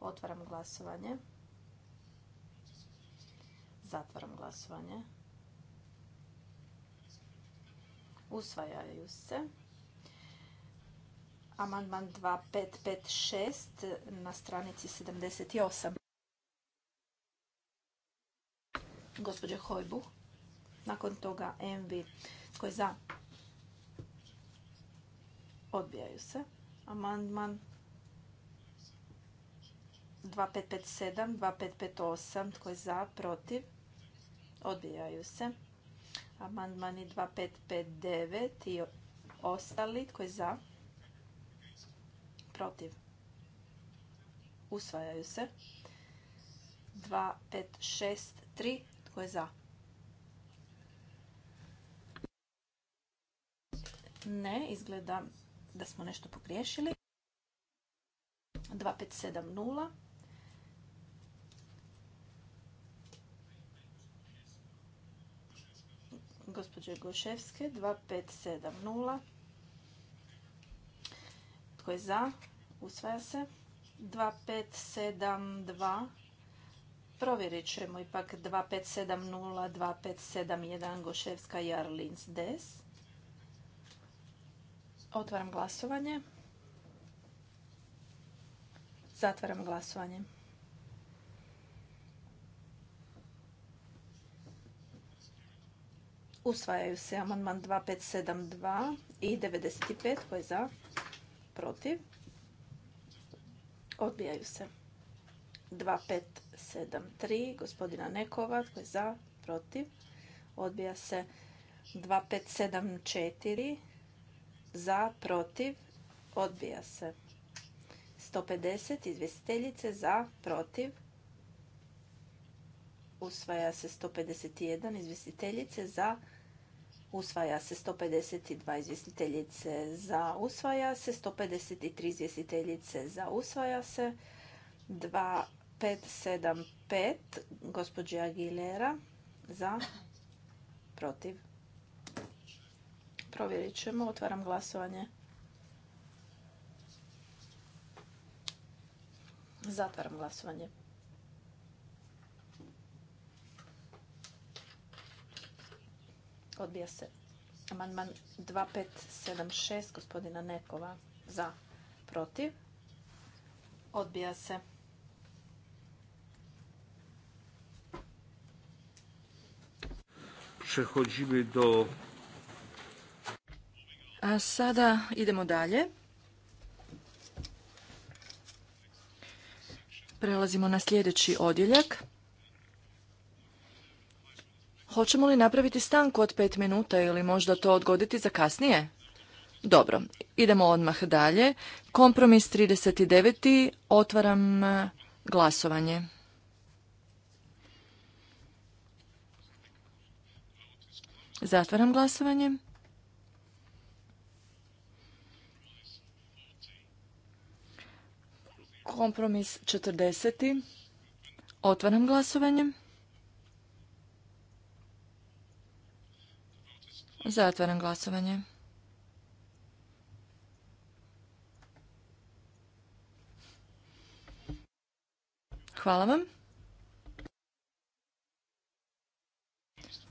Otvaram glasovanje. Zatvaram glasovanje. Usvajaju se amandman 2556 na stranici 78. Gospođe Hojbu. Nakon toga MV. Tko je za? Odbijaju se. Amandman 2557, 2558. Tko je za? Protiv? Odbijaju se. Amandmani 2559 i ostali. Tko je za? protiv. Usvajaju se. 2, 5, 6, 3. Tko je za? Ne, izgleda da smo nešto pogriješili. 2, 5, 7, 0. Gospodje Goševske, 2, 5, 7, 0. Tko je za? Usvaja se. 2572. Provjerit ćemo ipak 2570, 2571 Goševska Jarlins Des. Otvaram glasovanje. Zatvaram glasovanje. Usvajaju se amandman 2572 i 95 koji je za, protiv, odbijaju se. 2573 gospodina Nekova, tko je za, protiv, odbija se. 2574 za, protiv, odbija se. 150 izvjestiteljice za, protiv, usvaja se 151 izvjestiteljice za, protiv Usvaja se 152 izvjestiteljice za usvaja se, 153 izvjestiteljice za usvaja se, 2575 gospođe Aguilera za protiv. Provjerit ćemo, otvaram glasovanje. Zatvaram glasovanje. Odbija se. Amandman 2576 gospodina Nekova za protiv. Odbija se. do... A sada idemo dalje. Prelazimo na sljedeći odjeljak. Hoćemo li napraviti stanku od pet minuta ili možda to odgoditi za kasnije? Dobro, idemo odmah dalje. Kompromis 39. Otvaram e, glasovanje. Zatvaram glasovanje. Kompromis 40. Otvaram glasovanje. Zatvaram glasovanje. Hvala vam.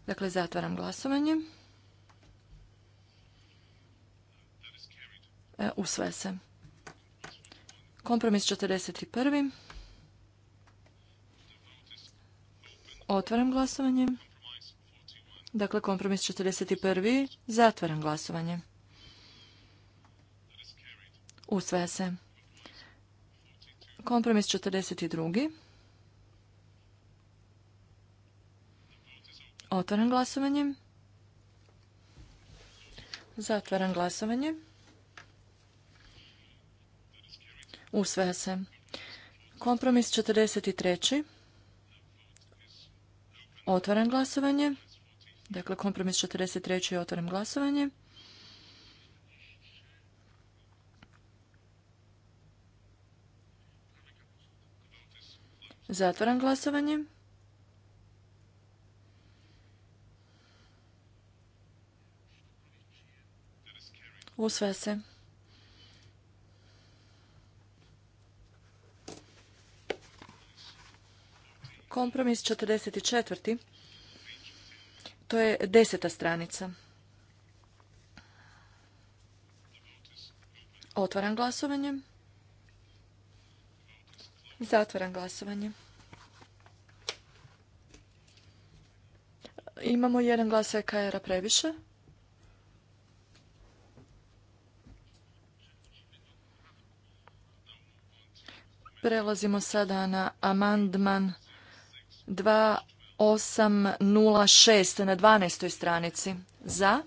Dakle, zatvaram glasovanje. E, Usve se. Kompromis 41. Otvaram glasovanje. Dakle, kompromis 41. Zatvaram glasovanje. Usvaja se. Kompromis 42. Otvaram glasovanje. Zatvaram glasovanje. Usvaja se. Kompromis 43. Otvaram glasovanje. Dakle, kompromis 43. je otvoren glasovanje. Zatvaram glasovanje. Usve se. Kompromis 44. To je deseta stranica. Otvaram glasovanje. Zatvaram glasovanje. Imamo jedan glas EKR-a previše. Prelazimo sada na amandman 2 806 na 12. stranici. Za.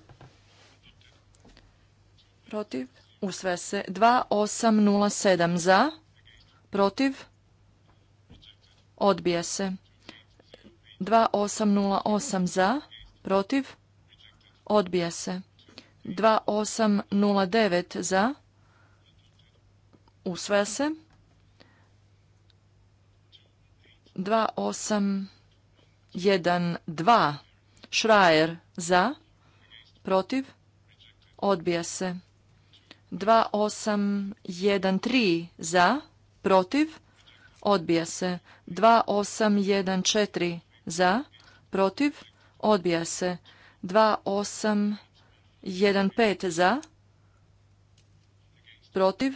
Protiv. Usvaja se. 2807 za. Protiv. Odbija se. 2808 za. Protiv. Odbija se. 2809 za. Usvaja se. 28 1, 2. Schreier za, protiv, odbija se. 2, 8, 1, 3 za, protiv, odbija se. 2, 8, 1, 4 za, protiv, odbija se. 2, 8, 1, 5 za, protiv,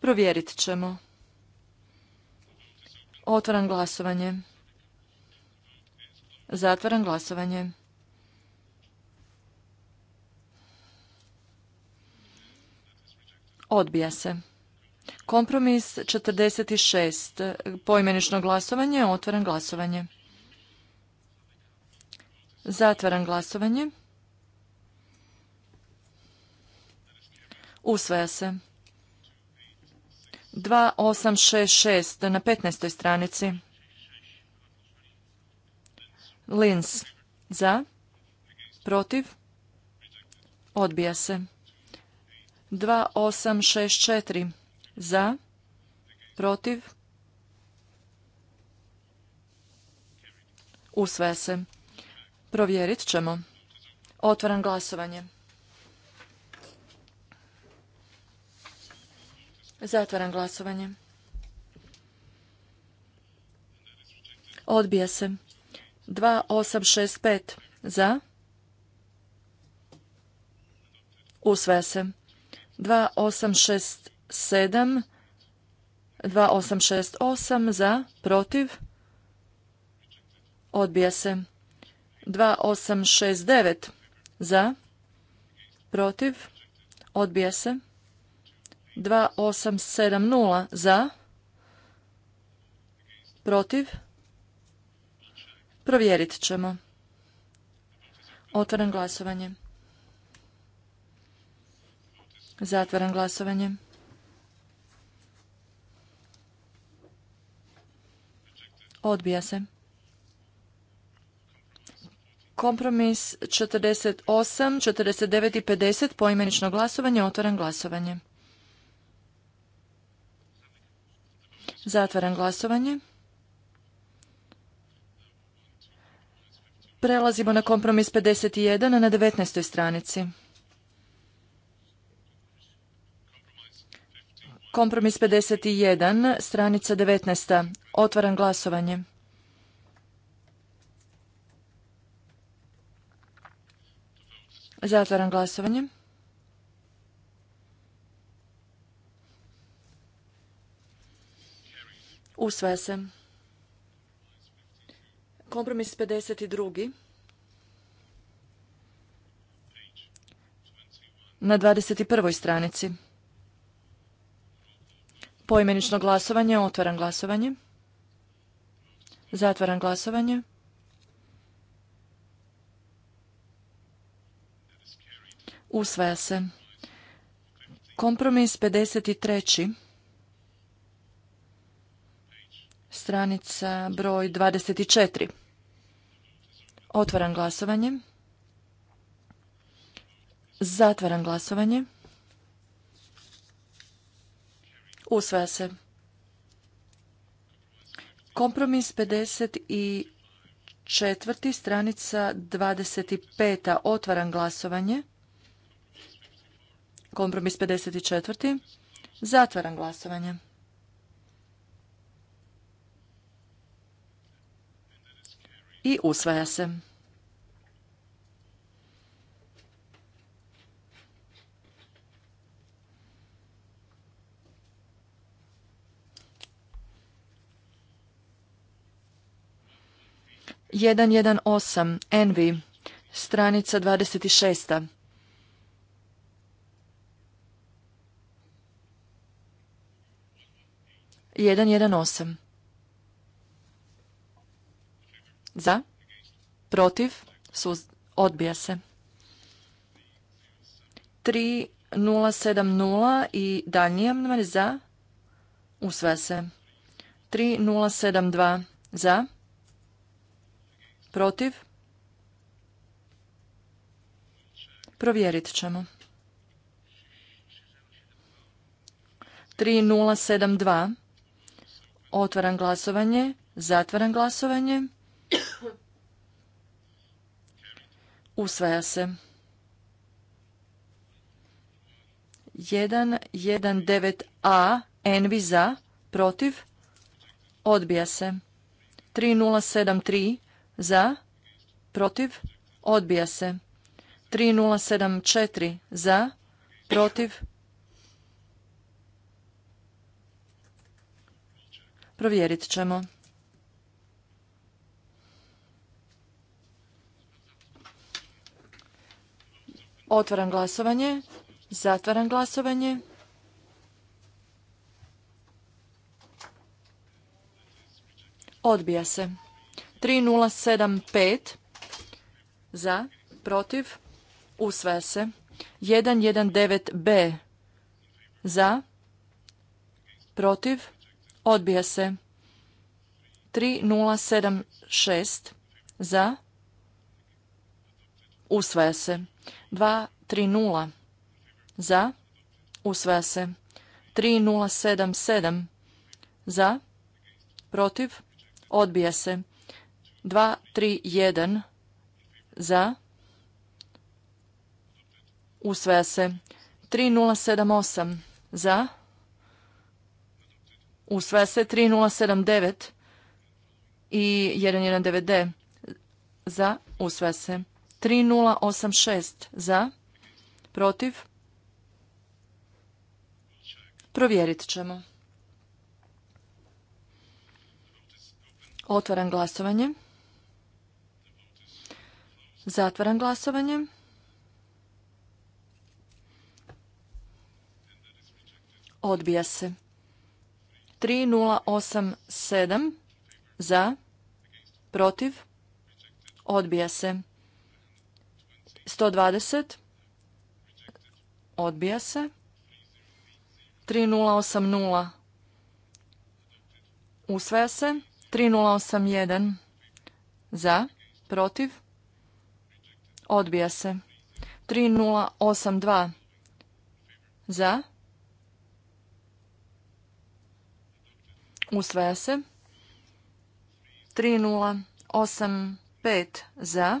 provjerit ćemo. Otvaram glasovanje. Zatvaram glasovanje. Odbija se. Kompromis 46. Poimenično glasovanje. Otvaram glasovanje. Zatvaram glasovanje. Usvaja se. 2866 na 15. stranici. Lins za, protiv, odbija se. 2864 za, protiv, usvaja se. Provjerit ćemo. Otvaram glasovanje. Zatvaram glasovanje. Odbija se. 2865 za. Usvaja se. 2867 2868 za. Protiv. Odbija se. 2869 za. Protiv. Odbija se. 2870 za, protiv, provjerit ćemo. Otvaram glasovanje. Zatvaram glasovanje. Odbija se. Kompromis 48, 49 i 50 poimenično glasovanje, otvaram glasovanje. Zatvaram glasovanje. Prelazimo na kompromis 51 na 19. stranici. Kompromis 51, stranica 19. Otvaram glasovanje. Zatvaram glasovanje. Usvaja se. Kompromis 52. Na 21. stranici. Poimenično glasovanje. Otvaram glasovanje. Zatvaram glasovanje. Usvaja se. Kompromis 53. stranica broj 24. Otvaram glasovanje. Zatvaram glasovanje. Usvaja se. Kompromis 54. stranica 25. Otvaram glasovanje. Kompromis 54. Zatvaram glasovanje. i usvaja se. Jedan jedan osam Envi stranica dvadeset šest jedan jedan osam Za? Protiv? Suz odbija se. 3070 i daljnji amandman za? Usve se. 3072 za? Protiv? Provjerit ćemo. 3072. Otvaram glasovanje. Zatvaram glasovanje. Usvaja se. 119a Envi za, protiv, odbija se. 3073 za, protiv, odbija se. 3074 za, protiv, provjerit ćemo. Otvaram glasovanje. Zatvaram glasovanje. Odbija se. 3075 za, protiv, usvaja se. 119b za, protiv, odbija se. 3076 za, usvaja se. 230 za, usvaja se. 3077 za, protiv, odbija se. 231 za, usvaja se. 3078 za, usvaja se. 3079 i 119D za, usvaja se. 3086 za, protiv. Provjerit ćemo. Otvaram glasovanje. Zatvaram glasovanje. Odbija se. 3087 za, protiv, odbija se. 120. Odbija se. 3080. Usvaja se. 3081. Za. Protiv. Odbija se. 3082. Za. Usvaja se. 3085. Za.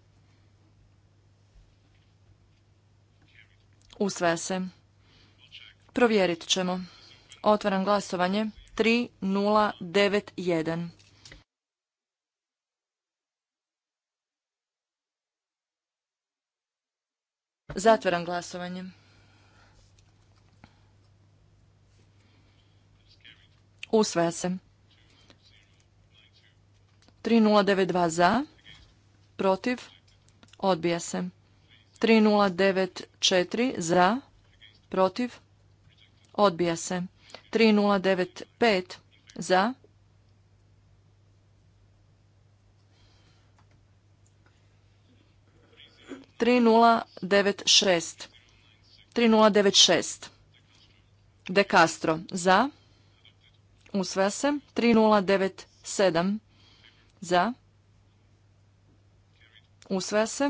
Usvaja se. Provjerit ćemo. Otvaram glasovanje. 3091. Zatvaram glasovanje. Usvaja se. 3092 za, protiv, odbija se. 3094 za, protiv, odbija se. 3095 za, tri 3.096, de castro za usvaja se 3.097 za usvaja se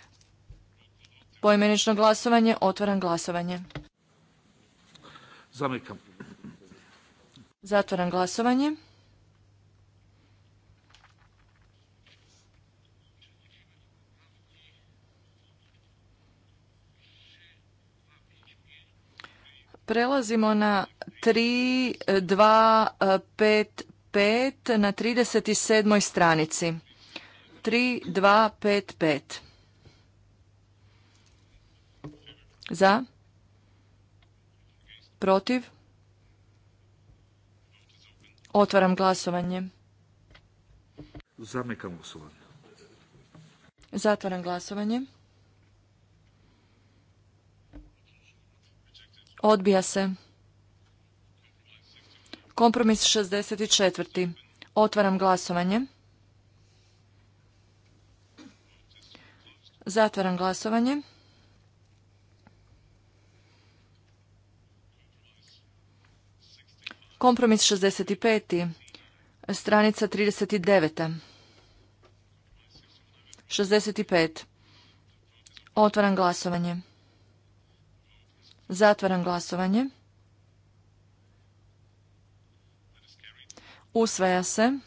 Poimenično glasovanje, otvaram glasovanje. Zamekam. Zatvaram glasovanje. Prelazimo na tri, na 37. stranici. tri Za? Protiv? Otvaram glasovanje. Zamekam glasovanje. Zatvaram glasovanje. Odbija se. Kompromis 64. Otvaram glasovanje. Zatvaram glasovanje. Kompromis 65. Stranica 39. 65. Otvaram glasovanje. Zatvaram glasovanje. Usvaja se.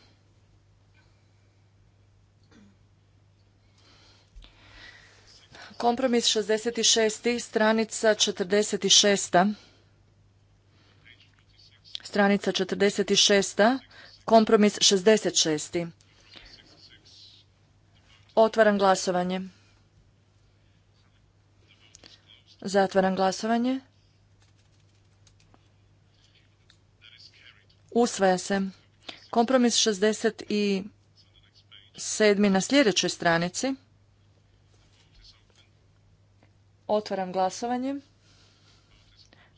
Kompromis 66. stranica 46 stranica 46. kompromis 66. Otvaram glasovanje. Zatvaram glasovanje. Usvaja se. Kompromis 67. na sljedećoj stranici. Otvaram glasovanje.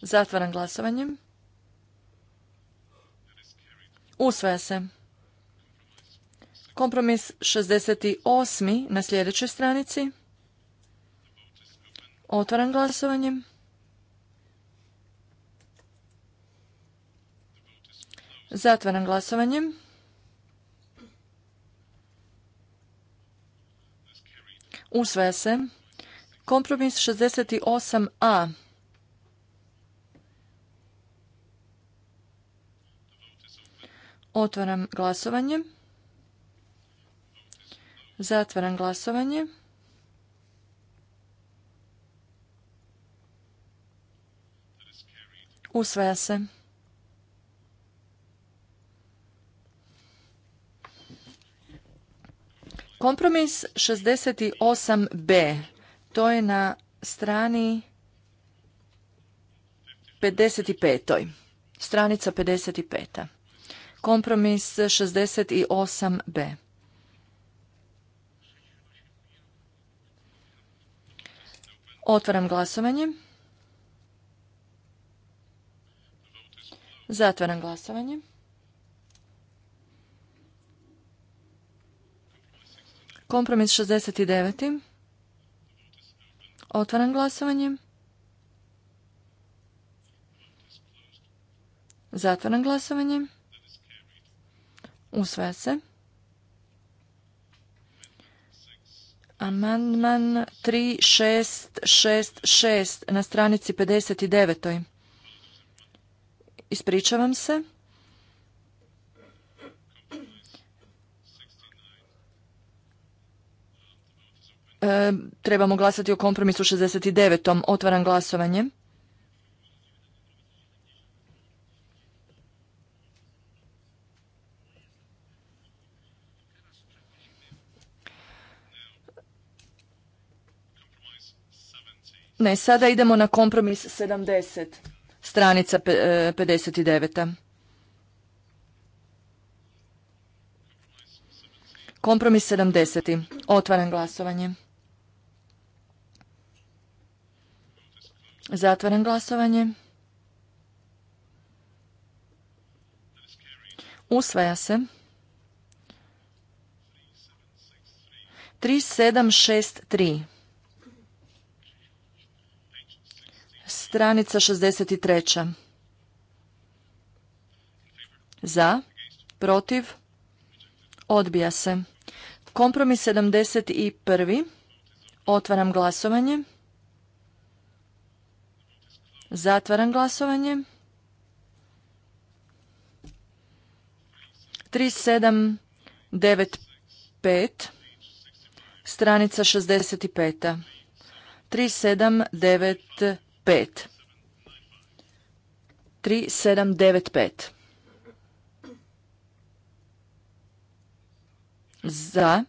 Zatvaram glasovanje. Usvaja se. Kompromis 68. na sljedećoj stranici. Otvaram glasovanje. Zatvaram glasovanje. Usvaja se. Kompromis 68a. Otvaram glasovanje. Zatvaram glasovanje. Usvaja se. Kompromis 68b. To je na strani 55. Stranica 55. 55. Kompromis 68b. Otvaram glasovanje. Zatvaram glasovanje. Kompromis 69. Otvaram glasovanje. Zatvaram glasovanje. Usvaja se. Amandman 3666 na stranici 59. Ispričavam se. E, trebamo glasati o kompromisu 69. Otvaram glasovanje. Ne, sada idemo na kompromis 70, stranica 59. E, kompromis 70. Otvaram glasovanje. Zatvaram glasovanje. Usvaja se. 3763. Stranica 63. Za, protiv, odbija se. Kompromis 71. Otvaram glasovanje. Zatvaram glasovanje. 3795. Stranica 65. 3795. 5. 3795. Za.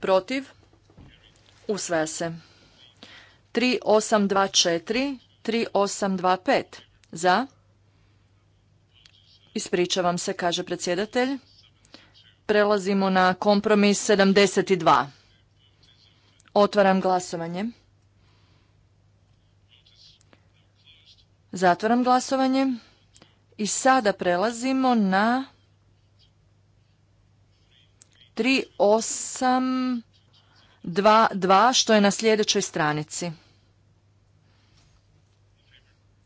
Protiv. Usvaja se. 3824. 3825. Za. Ispričavam se, kaže predsjedatelj. Prelazimo na kompromis 72. Otvaram glasovanje. Zatvaram glasovanje. I sada prelazimo na 3822 što je na sljedećoj stranici.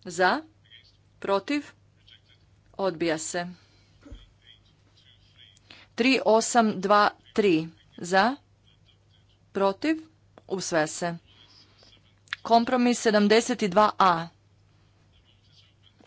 Za? Protiv? Odbija se. 3823 za? Protiv? usve se. Kompromis 72a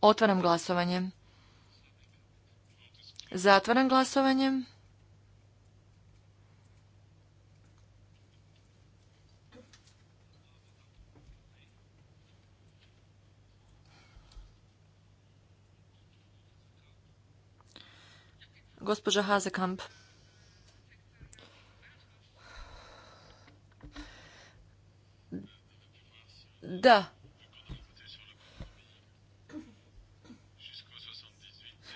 Otvaram glasovanje. Zatvaram glasovanje. Gospođa Hazekamp. Da.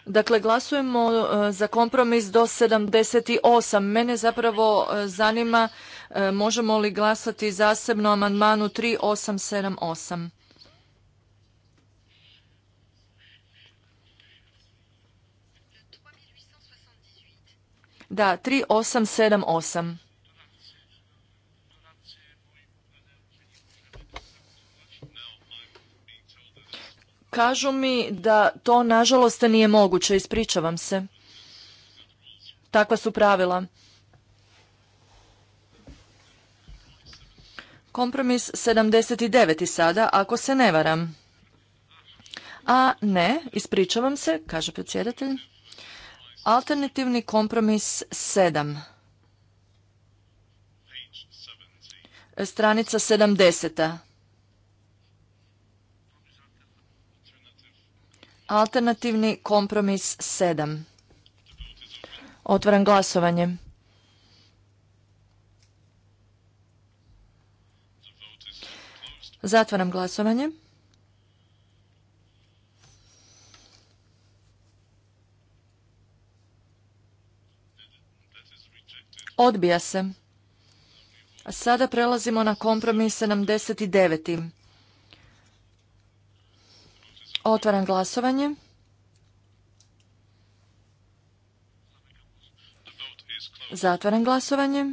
Dakle, glasujemo e, za kompromis do 78. Mene zapravo e, zanima e, možemo li glasati zasebno o amandmanu 3878. Da, 3878. Kažu mi da to nažalost nije moguće, ispričavam se. Takva su pravila. Kompromis 79. sada, ako se ne varam. A ne, ispričavam se, kaže predsjedatelj. Alternativni kompromis 7. Stranica 70. Alternativni kompromis sedam. Otvaram glasovanje. Zatvaram glasovanje. Odbija se. A sada prelazimo na kompromis 79. Otvaram glasovanje. Zatvaram glasovanje.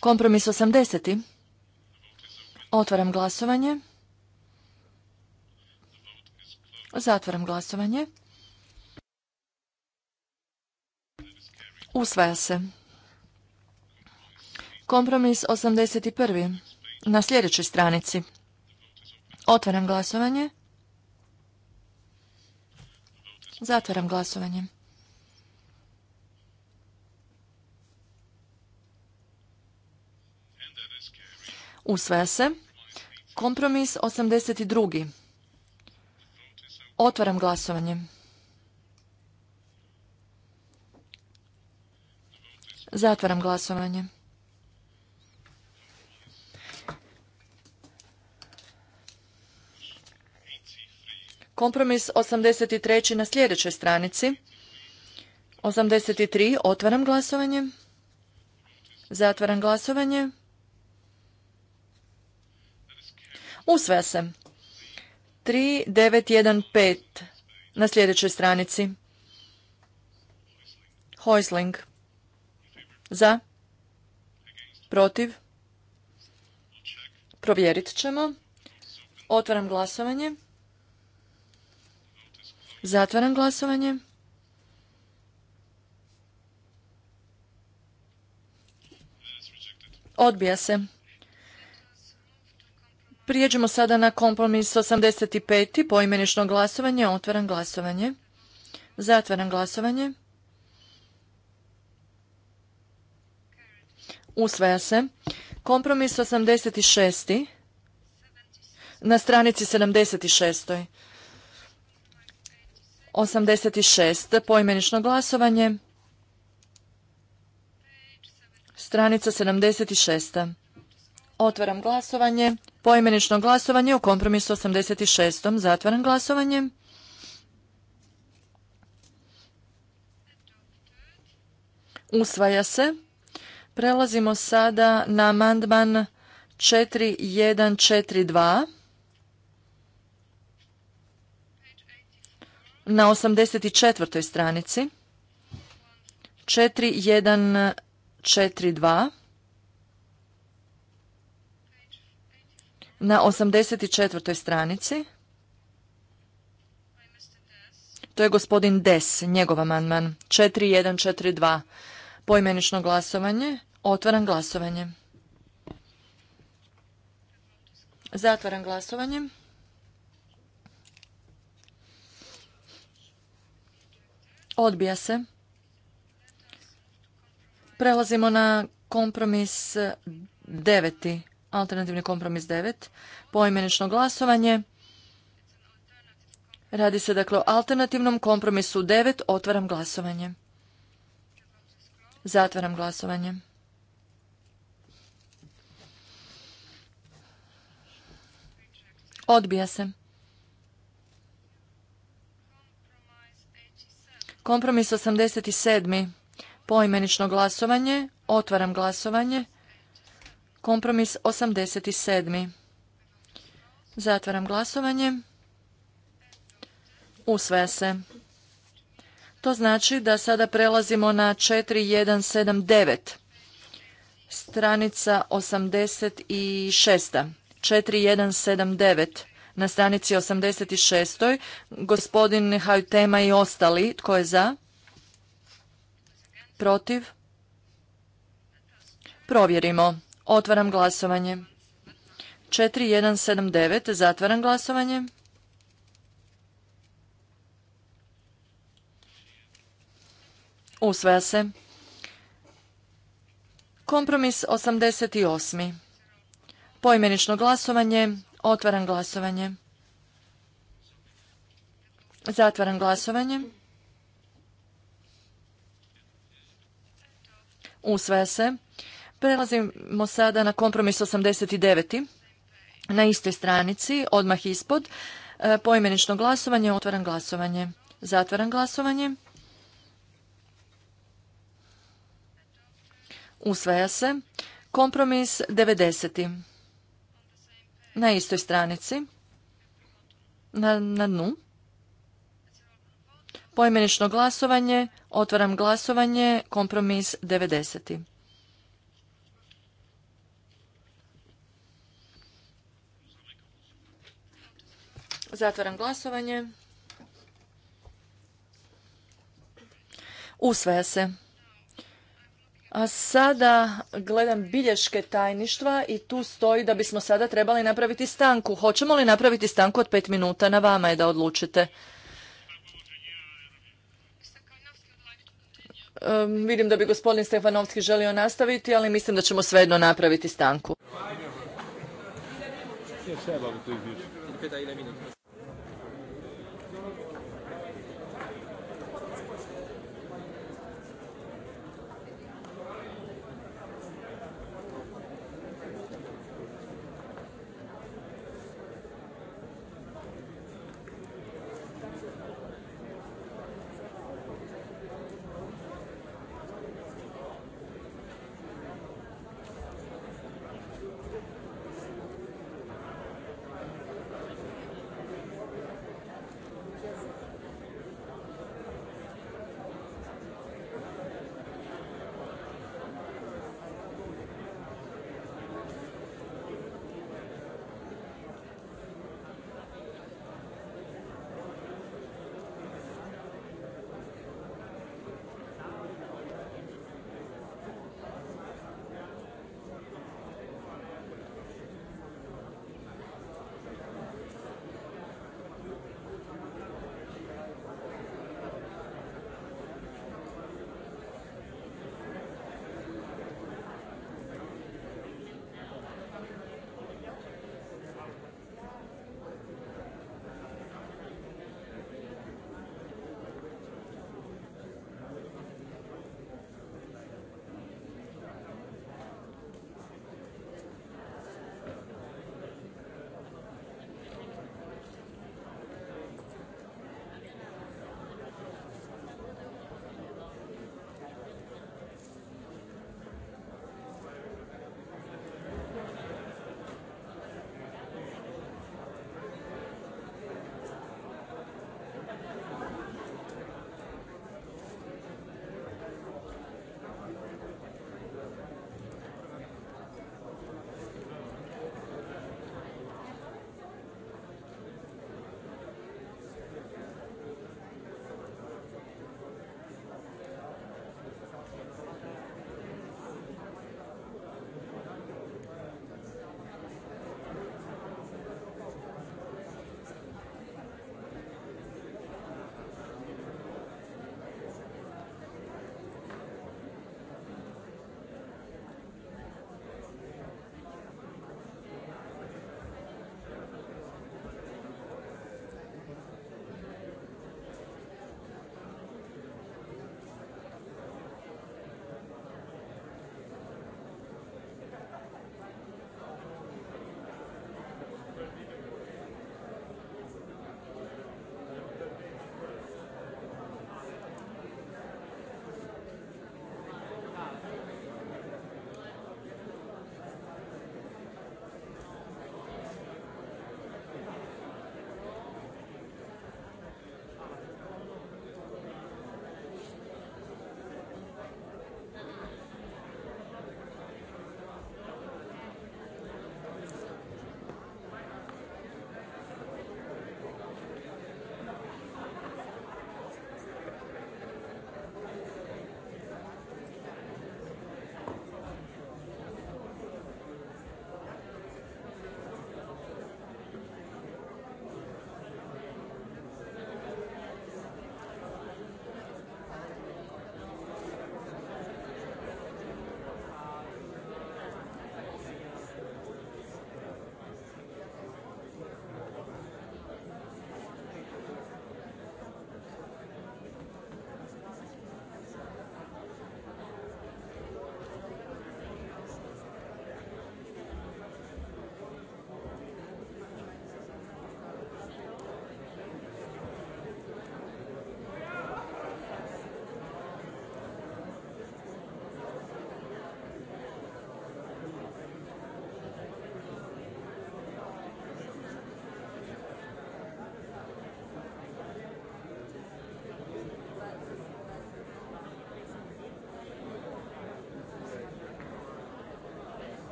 Kompromis 80. Otvaram glasovanje. Zatvaram glasovanje. Usvaja se. Kompromis 81. Na sljedećoj stranici. Otvaram glasovanje. Zatvaram glasovanje. Usvaja se. Kompromis 82. Otvaram glasovanje. Zatvaram glasovanje. Kompromis 83. na sljedećoj stranici. 83. Otvaram glasovanje. Zatvaram glasovanje. Usvaja se. 3915 na sljedećoj stranici. Hojsling. Za. Protiv. Provjerit ćemo. Otvaram glasovanje. Zatvaram glasovanje. Odbija se. Prijeđemo sada na kompromis 85. poimenično glasovanje. Otvaram glasovanje. Zatvaram glasovanje. Usvaja se. Kompromis 86. Na stranici 76. 86. Poimenično glasovanje. Stranica 76. Otvaram glasovanje. Poimenično glasovanje u kompromisu 86. Zatvaram glasovanje. Usvaja se. Prelazimo sada na amandman 4142. na 84. stranici 4142 na 84. stranici to je gospodin Des, njegov amandman 4142 poimenično glasovanje otvaram glasovanje zatvaram glasovanje Odbija se. Prelazimo na kompromis deveti, alternativni kompromis devet, poimenično glasovanje. Radi se dakle o alternativnom kompromisu devet. Otvaram glasovanje. Zatvaram glasovanje. Odbija se. Kompromis 87. Poimenično glasovanje. Otvaram glasovanje. Kompromis 87. Zatvaram glasovanje. Usvaja se. To znači da sada prelazimo na 4179. Stranica 86. 4179 na stranici 86. Gospodin Hajtema i ostali. Tko je za? Protiv? Provjerimo. Otvaram glasovanje. 4179. Zatvaram glasovanje. Usvaja se. Kompromis 88. Poimenično glasovanje. Otvaram glasovanje. Zatvaram glasovanje. Usvaja se. Prelazimo sada na kompromis 89. Na istoj stranici, odmah ispod, e, poimenično glasovanje, otvaram glasovanje. Zatvaram glasovanje. Usvaja se. Kompromis 90 na istoj stranici, na, na dnu. Poimenično glasovanje, otvaram glasovanje, kompromis 90. Zatvaram glasovanje. Usvaja se. A sada gledam bilješke tajništva i tu stoji da bismo sada trebali napraviti stanku. Hoćemo li napraviti stanku od pet minuta? Na vama je da odlučite. vidim da bi gospodin Stefanovski želio nastaviti, ali mislim da ćemo svejedno napraviti stanku.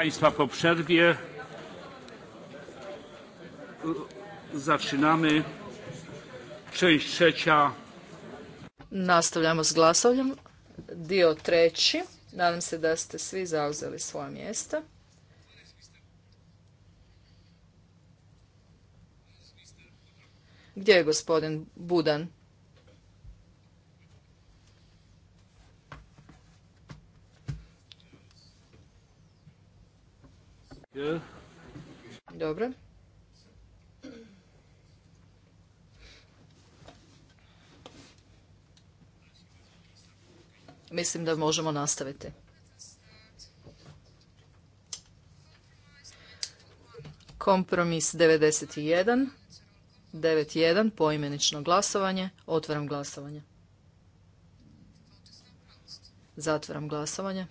Państwa po przerwie. Zaczynamy. Część trzecia. Nastavljamo s glasovljem. Dio treći. Nadam se da ste svi zauzeli svoja mjesta. Gdje je gospodin Budan? Dobro. Mislim da možemo nastaviti. Kompromis 91. 91. Poimenično glasovanje. Otvaram glasovanje. Zatvaram glasovanje.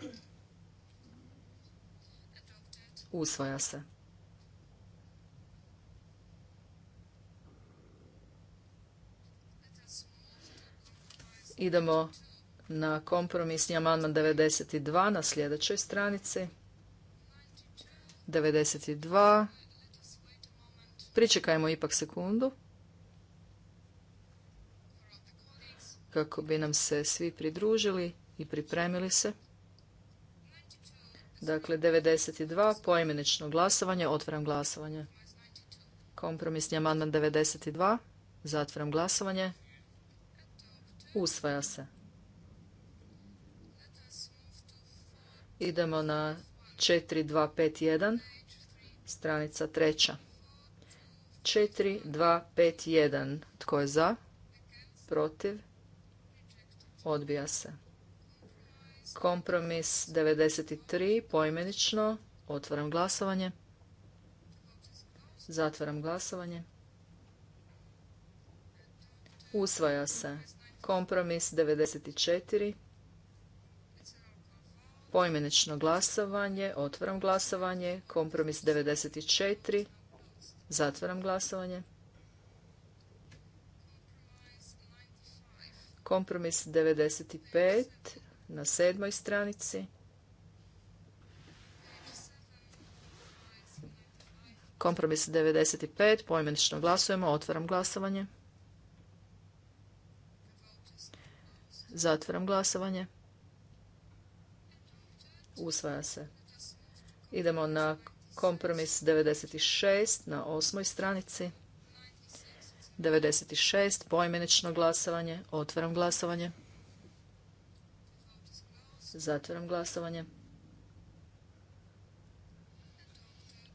Usvaja se. Idemo na kompromisni amandman 92 na sljedećoj stranici. 92. Pričekajmo ipak sekundu. Kako bi nam se svi pridružili i pripremili se. Dakle, 92, poimenično glasovanje, otvaram glasovanje. Kompromisni amandman 92, zatvaram glasovanje. Usvaja se. Idemo na 4251, stranica treća. 4251, tko je za? Protiv? Odbija se. Kompromis 93 poimenično. Otvaram glasovanje. Zatvaram glasovanje. Usvaja se. Kompromis 94. Poimenično glasovanje. Otvaram glasovanje. Kompromis 94. Zatvaram glasovanje. Kompromis 95 na sedmoj stranici. Kompromis 95, poimenično glasujemo, otvaram glasovanje. Zatvaram glasovanje. Usvaja se. Idemo na kompromis 96 na osmoj stranici. 96, poimenično glasovanje, otvaram glasovanje. Zatvaram glasovanje.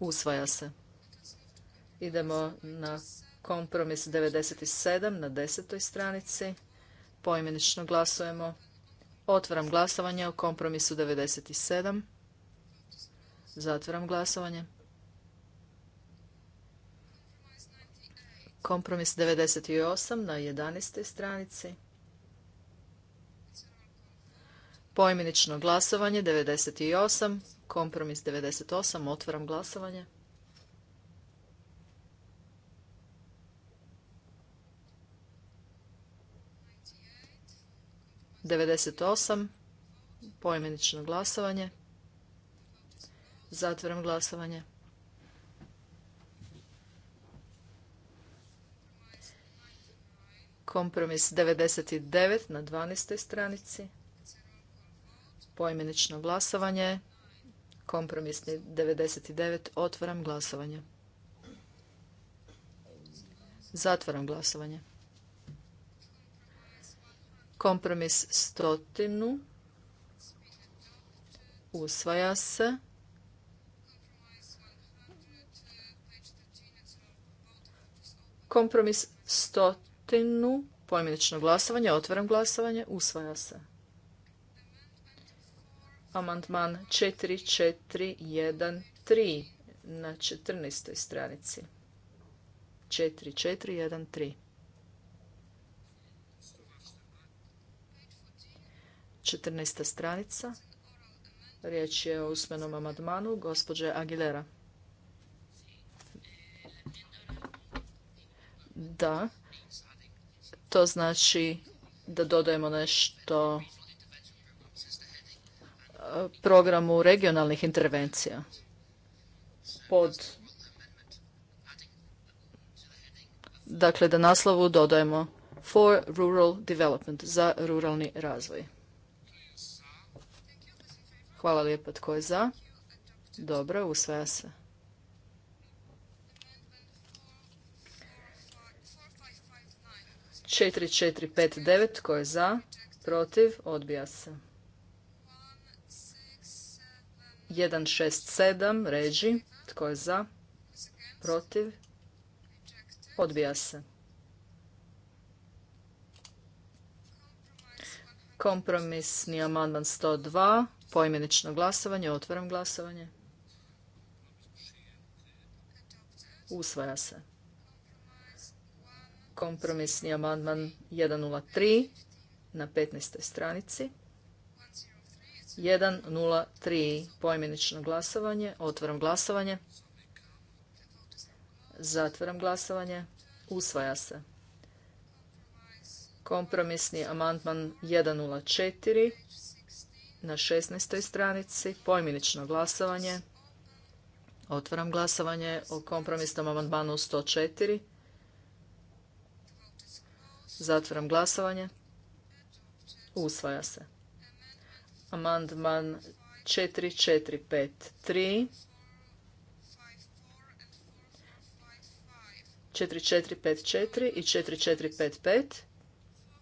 Usvaja se. Idemo na kompromis 97 na desetoj stranici. Poimenično glasujemo. Otvaram glasovanje o kompromisu 97. Zatvaram glasovanje. Kompromis 98 na 11. stranici. Poimenično glasovanje 98, kompromis 98, otvaram glasovanje. Devedeset osam poimenično glasovanje. Zatvaram glasovanje. Kompromis devedeset devet na 12. stranici. Poimenično glasovanje. Kompromisni 99. Otvaram glasovanje. Zatvaram glasovanje. Kompromis stotinu. Usvaja se. Kompromis stotinu. Pojmenično glasovanje. Otvaram glasovanje. Usvaja se amandman 4413 na 14. stranici. 4413. 14. stranica. Riječ je o usmenom amandmanu gospođe Aguilera. Da, to znači da dodajemo nešto programu regionalnih intervencija pod dakle da naslovu dodajemo for rural development za ruralni razvoj. Hvala lijepa tko je za. Dobro, usvaja se. Četiri, četiri, pet, devet. Tko je za? Protiv? Odbija se. 167 ređi. Tko je za? Protiv? Odbija se. Kompromisni amandman 102. Poimenično glasovanje. Otvaram glasovanje. Usvaja se. Kompromisni amandman 103 na 15. stranici. 103 poimenično glasovanje. Otvaram glasovanje. Zatvaram glasovanje. Usvaja se. Kompromisni amandman 104 na 16. stranici. Poimenično glasovanje. Otvaram glasovanje o kompromisnom amandmanu 104. Zatvaram glasovanje. Usvaja se. Amandman 4453. 4454 i 4455.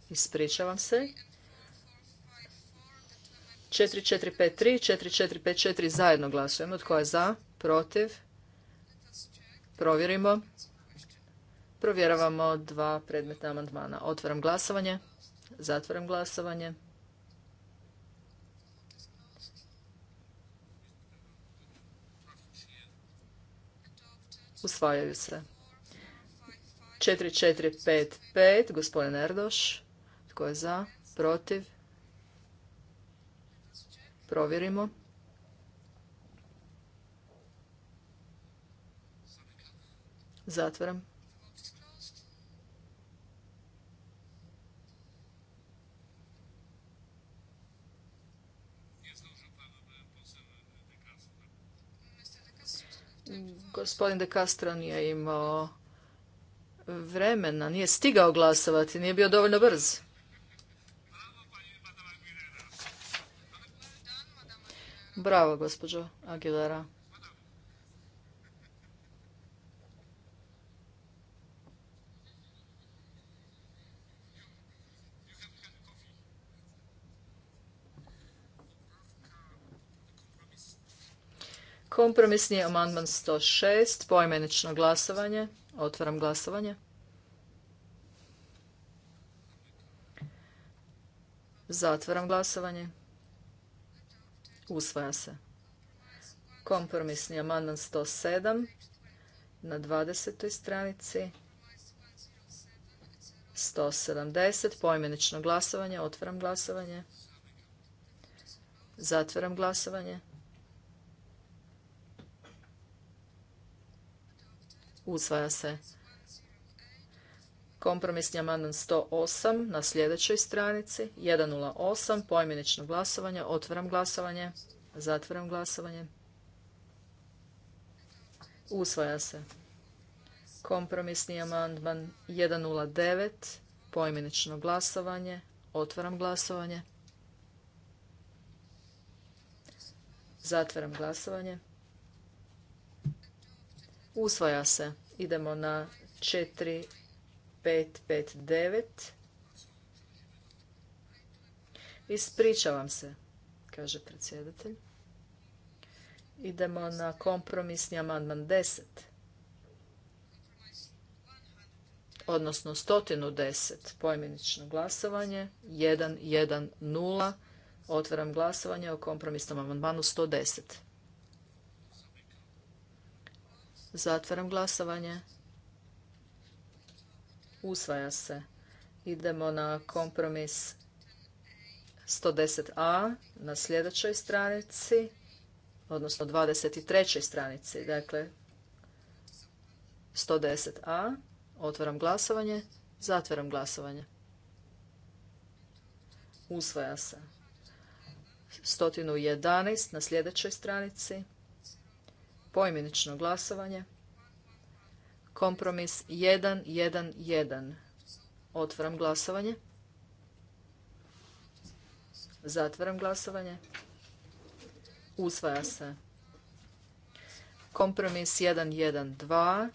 Ispričavam se. 4453 i 4454 zajedno glasujemo. Tko je za? Protiv? Provjerimo. Provjeravamo dva predmetna amandmana. Otvaram glasovanje. Zatvaram glasovanje. Usvajaju se. 4455, gospodin Erdoš. Tko je za? Protiv? Provjerimo. Zatvaram. Gospodin De Castro nije imao vremena, nije stigao glasovati, nije bio dovoljno brz. Bravo, gospođo Aguilera. Kompromisni amandman 106, poimenično glasovanje. Otvaram glasovanje. Zatvaram glasovanje. Usvaja se. Kompromisni amandman 107 na 20. stranici. 170, poimenično glasovanje. Otvaram glasovanje. Zatvaram glasovanje. Usvaja se. Kompromisni amandman 108 na sljedećoj stranici 108 poimenično glasovanje. Otvaram glasovanje. Zatvaram glasovanje. Usvaja se. Kompromisni amandman 109 poimenično glasovanje. Otvaram glasovanje. Zatvaram glasovanje. Usvaja se. Idemo na 4559. Ispričavam se, kaže predsjedatelj. Idemo na kompromisni amandman 10. Odnosno 110. Pojmenično glasovanje. 1, 1, 0. Otvaram glasovanje o kompromisnom amandmanu 110. Zatvaram glasovanje. Usvaja se. Idemo na kompromis 110a na sljedećoj stranici, odnosno 23. stranici. Dakle, 110a. Otvaram glasovanje. Zatvaram glasovanje. Usvaja se. 111 na sljedećoj stranici. Poimenično glasovanje. Kompromis 1.1.1. Otvaram glasovanje. Zatvaram glasovanje. Usvaja se. Kompromis 1.1.2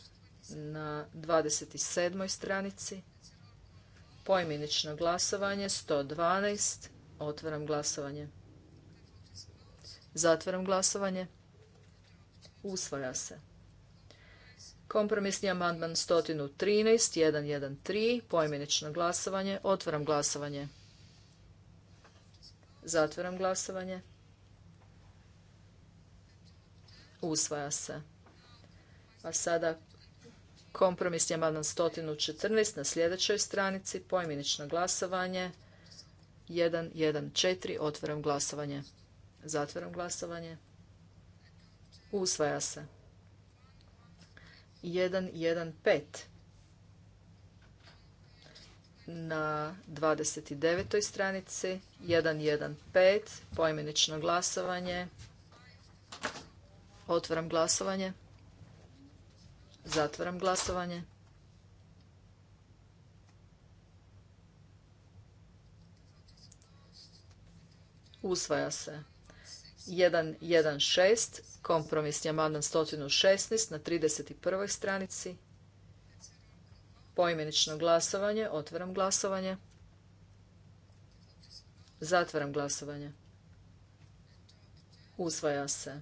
na 27. stranici. Poimenično glasovanje 112. Otvaram glasovanje. Zatvaram glasovanje. Usvaja se. Kompromisni amandman 113, 113, poimenično glasovanje. Otvaram glasovanje. Zatvaram glasovanje. Usvaja se. A sada kompromisni amandman 114 na sljedećoj stranici, poimenično glasovanje. 114, otvaram glasovanje. Zatvaram glasovanje. Usvaja se. 1.1.5 na 29. stranici 1.1.5 poimenično glasovanje. Otvaram glasovanje. Zatvaram glasovanje. Usvaja se. 1.1.6 Kompromisni amandman 116 na 31. stranici. Poimenično glasovanje. Otvaram glasovanje. Zatvaram glasovanje. Usvaja se.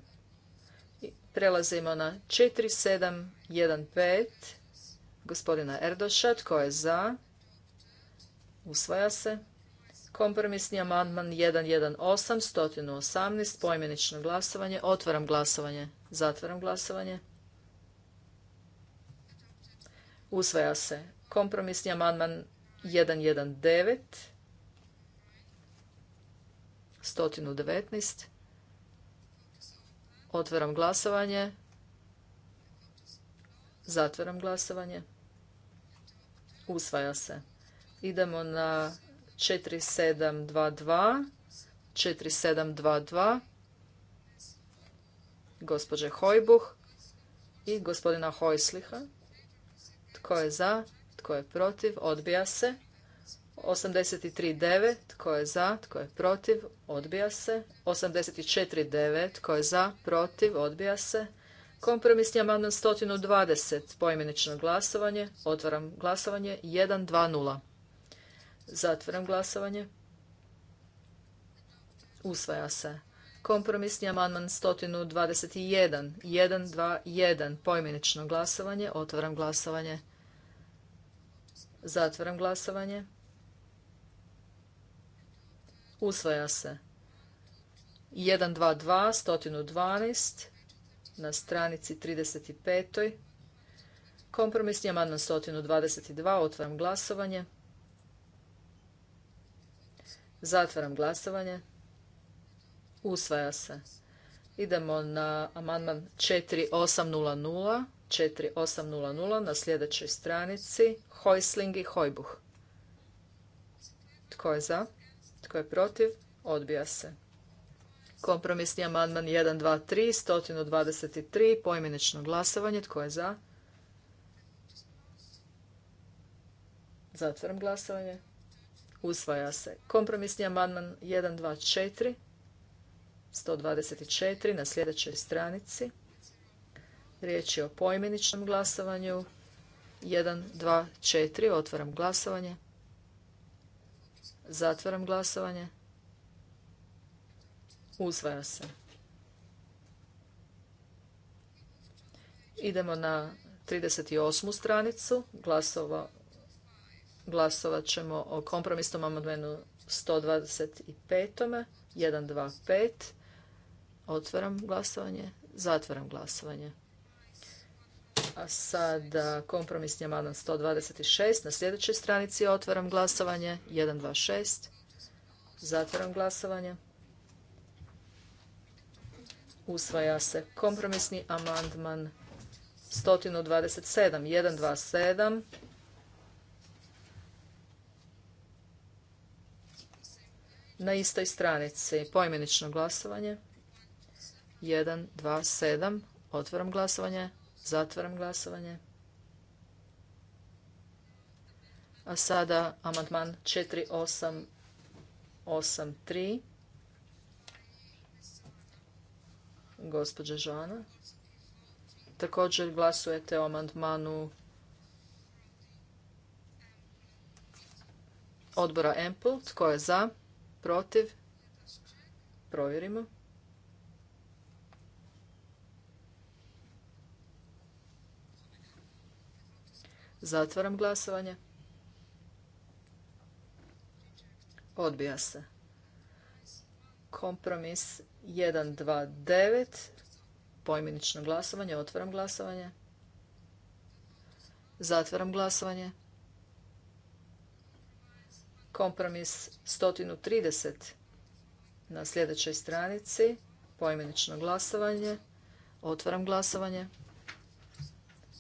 Prelazimo na 4715 gospodina Erdošat Tko je za? Usvaja se. Kompromisni amandman 118, 118, poimenično glasovanje. Otvaram glasovanje. Zatvaram glasovanje. Usvaja se. Kompromisni amandman 119, 119. Otvaram glasovanje. Zatvaram glasovanje. Usvaja se. Idemo na 4722, 4722, gospođe Hojbuh i gospodina Hojsliha. Tko je za? Tko je protiv? Odbija se. 83.9. Tko je za? Tko je protiv? Odbija se. 84.9. Tko je za? Protiv? Odbija se. Kompromisni amandman 120. Poimenično glasovanje. Otvaram glasovanje. 1.2.0. Zatvaram glasovanje. Usvaja se. Kompromisni amandman 121. 121. Poimenično glasovanje. Otvaram glasovanje. Zatvaram glasovanje. Usvaja se. 122. 112. Na stranici 35. Kompromisni amandman 122. Otvaram glasovanje. Zatvaram glasovanje. Usvaja se. Idemo na amandman 4800, 4800 na sljedećoj stranici. Hojsling i Hojbuh. Tko je za? Tko je protiv? Odbija se. Kompromisni amandman 123, 123, poimenično glasovanje. Tko je za? Zatvaram glasovanje. Usvaja se. Kompromisni amandman 124, 124 na sljedećoj stranici. Riječ je o poimeničnom glasovanju. 1, 2, Otvaram glasovanje. Zatvaram glasovanje. Usvaja se. Idemo na 38. stranicu. Glasova, Glasovat ćemo o kompromisnom amandmanu 125. 125. Otvaram glasovanje. Zatvaram glasovanje. A sada kompromisni amandman 126. Na sljedećoj stranici otvaram glasovanje. 126. Zatvaram glasovanje. Usvaja se kompromisni amandman 127. 127. na istoj stranici. Poimenično glasovanje. 1, 2, 7. otvoram glasovanje. zatvoram glasovanje. A sada amandman 3. Gospođa Žana. Također glasujete o amandmanu odbora EMPL. Tko je za? protiv, provjerimo. Zatvaram glasovanje. Odbija se. Kompromis 129. Pojminično glasovanje. Otvaram glasovanje. Zatvaram glasovanje. Kompromis 130 na sljedećoj stranici, poimenično glasovanje. Otvaram glasovanje.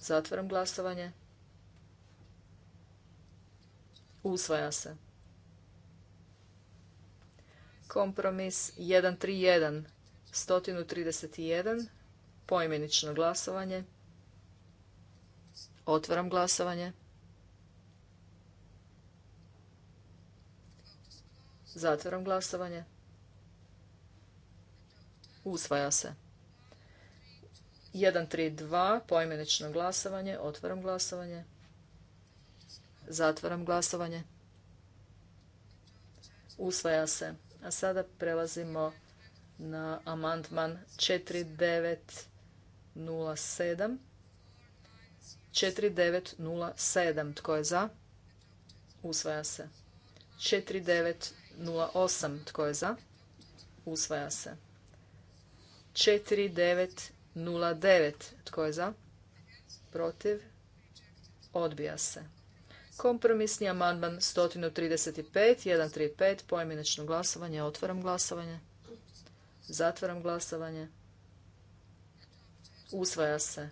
Zatvaram glasovanje. Usvaja se. Kompromis 131, 131, poimenično glasovanje. Otvaram glasovanje. Zatvoram glasovanje. Usvaja se. 1-3-2, pojmenično glasovanje. Otvoram glasovanje. Zatvoram glasovanje. Usvaja se. A sada prelazimo na amantman 4-9-0-7. 4907. Tko je za? Usvaja se. 08. Tko je za? Usvaja se. 4909. Tko je za? Protiv? Odbija se. Kompromisni amandman 135, 135, pojedinačno glasovanje, otvaram glasovanje, zatvaram glasovanje, usvaja se.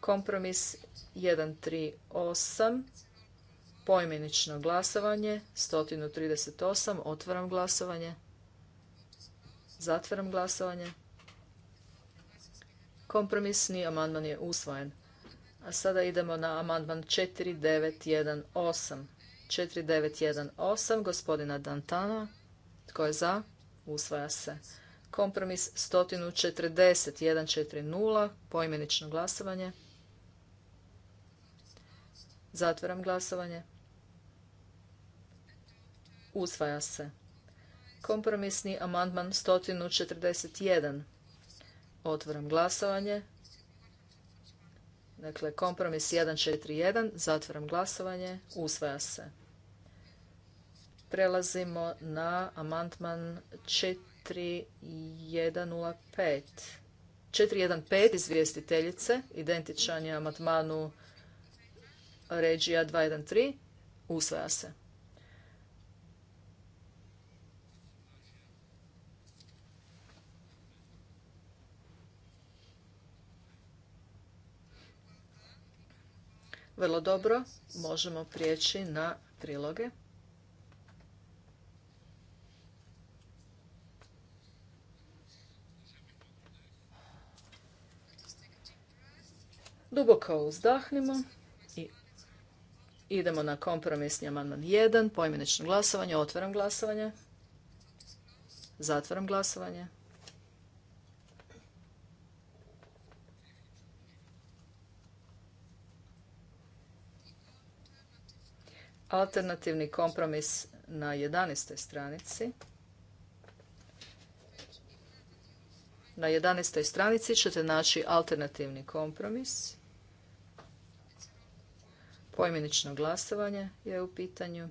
Kompromis 138, Poimenično glasovanje, 138, otvaram glasovanje, zatvaram glasovanje. Kompromisni amandman je usvojen. A sada idemo na amandman 4918. 4918 gospodina Dantana. Tko je za? Usvaja se. Kompromis 140 140 poimenično glasovanje. Zatvaram glasovanje. Usvaja se. Kompromisni amandman 141. Otvaram glasovanje. Dakle, kompromis 141. Zatvaram glasovanje. Usvaja se. Prelazimo na amandman 4105. 415 izvjestiteljice, identičan je amandmanu Regija 213. Usvaja se. Vrlo dobro, možemo prijeći na priloge. Duboko uzdahnimo i idemo na kompromisni amandman 1, poimenično glasovanje, otvaram glasovanje, zatvaram glasovanje. Alternativni kompromis na 11. stranici. Na 11. stranici ćete naći alternativni kompromis. Pojmenično glasovanje je u pitanju.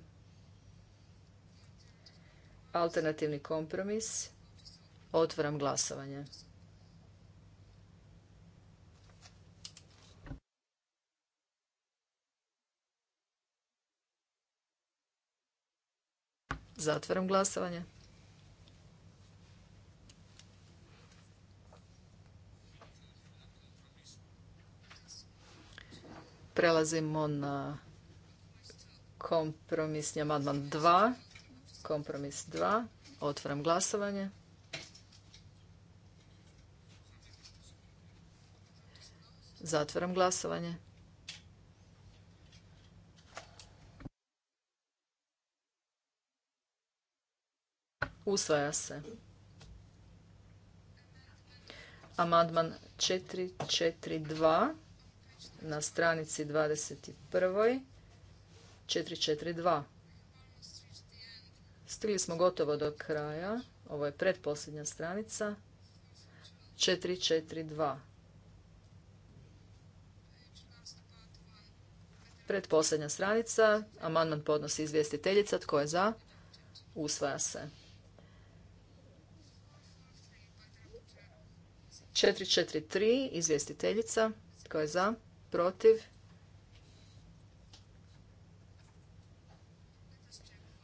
Alternativni kompromis. Otvaram glasovanje. Zatvaram glasovanje. Prelazimo na kompromisni amandman 2. Kompromis 2. Otvaram glasovanje. Zatvaram glasovanje. Usvaja se. Amandman 442 na stranici 21. 442. Stigli smo gotovo do kraja. Ovo je predposljednja stranica. 442. Predposljednja stranica. Amandman podnosi izvjestiteljica. Tko je za? Usvaja se. 443 izvjestiteljica. Tko je za? Protiv?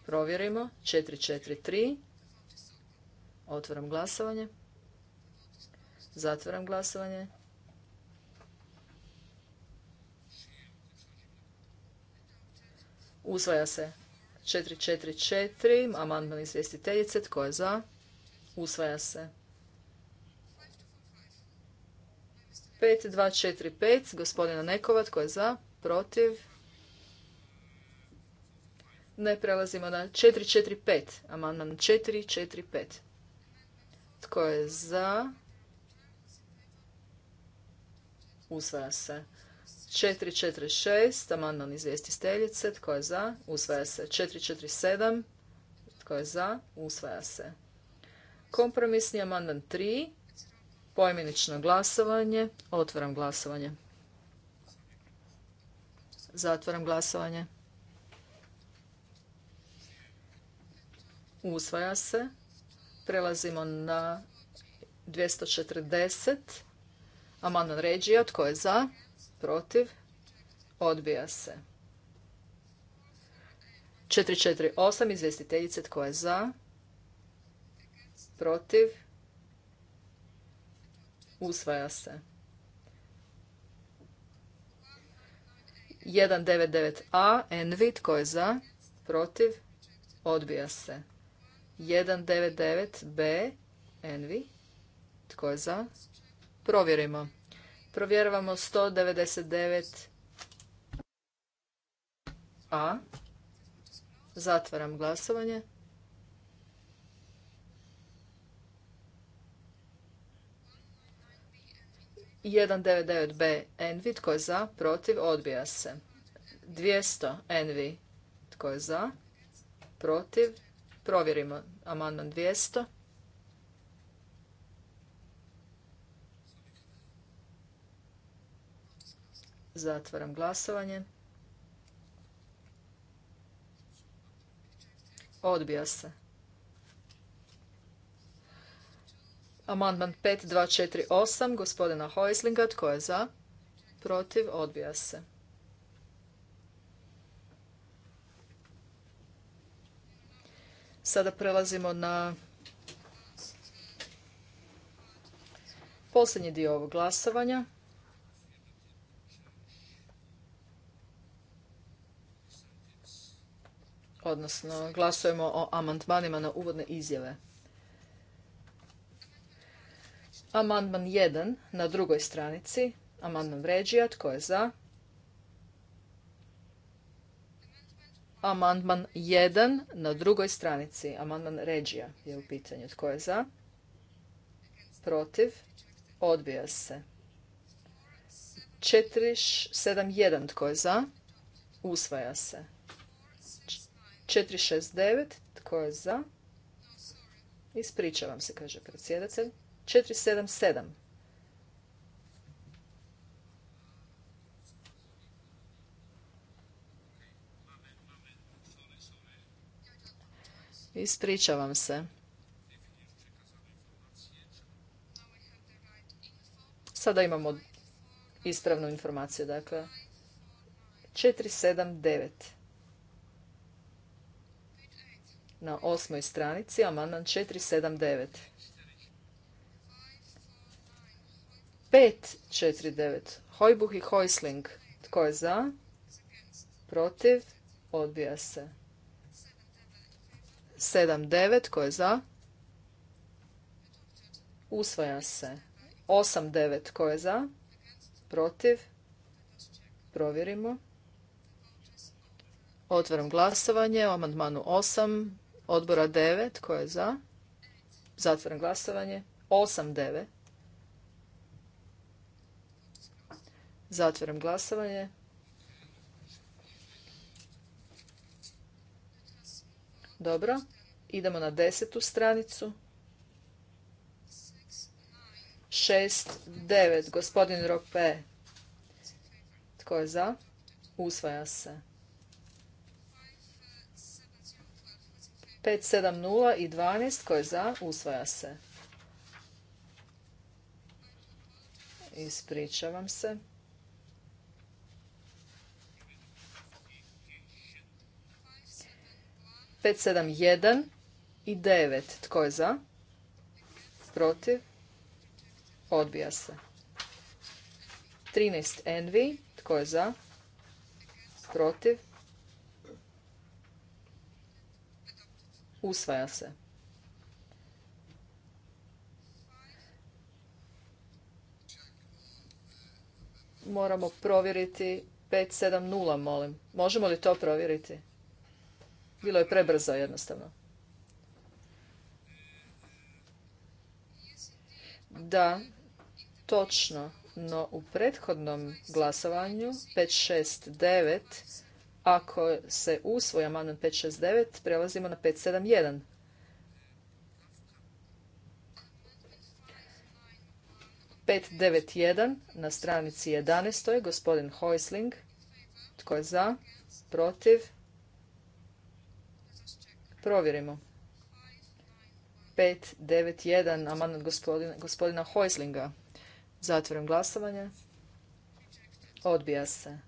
Provjerimo. 443. Otvaram glasovanje. Zatvaram glasovanje. Usvaja se 444. Amandman izvjestiteljice. Tko je za? Usvaja se. 5245 gospodina Nekova, tko je za, protiv. Ne prelazimo na 445, amandman 445. Tko je za? Usvaja se. 446, amandman Steljice, tko je za? Usvaja se. 447, tko je za? Usvaja se. Kompromisni amandman 3, Poimenično glasovanje. Otvaram glasovanje. Zatvaram glasovanje. Usvaja se. Prelazimo na 240. Amandman Ređija. Tko je za? Protiv? Odbija se. 448. Izvestiteljice. Tko je za? Protiv? Usvaja se. 199a, Envi, tko je za? Protiv? Odbija se. 199b, Envi, tko je za? Provjerimo. Provjeravamo 199a. Zatvaram glasovanje. 199b Envi, tko je za, protiv, odbija se. 200 Envi, tko je za, protiv, provjerimo amandman 200. Zatvaram glasovanje. Odbija se. Amandman 5248 gospodina Hojslinga. Tko je za? Protiv? Odbija se. Sada prelazimo na posljednji dio ovog glasovanja. Odnosno, glasujemo o amandmanima na uvodne izjave. Amandman 1 na drugoj stranici. Amandman ređija. Tko je za? Amandman 1 na drugoj stranici. Amandman ređija je u pitanju. Tko je za? Protiv? Odbija se. 471. Tko je za? Usvaja se. 469. Tko je za? Ispričavam se, kaže predsjedatelj. 477. Ispričavam se. Sada imamo ispravnu informaciju, dakle 479. Na osmoj stranici, amandman 479. 549. Hojbuh i Hojsling. Tko je za? Protiv? Odbija se. 7-9. Tko je za? Usvaja se. 8-9. Tko je za? Protiv? Provjerimo. Otvaram glasovanje o amandmanu 8, odbora 9. Tko je za? Zatvaram glasovanje. 8-9. Zatvaram glasovanje. Dobro. Idemo na desetu stranicu. devet, Gospodin Rope. Tko je za? Usvaja se. nula i 12. Tko je za? Usvaja se. Ispričavam se. 571 i 9. Tko je za? Protiv? Odbija se. 13 Envi. Tko je za? Protiv? Usvaja se. Moramo provjeriti 570, molim. Možemo li to provjeriti? Bilo je prebrzo jednostavno. Da, točno, no u prethodnom glasovanju 569, ako se usvoja amandman 569, prelazimo na 571. pet devet jedan na stranici jedanaest gospodin Hojsling. Tko je za? Protiv? Provjerimo. 591, amandman gospodina, gospodina Hojslinga. Zatvorim glasovanje. Odbija se.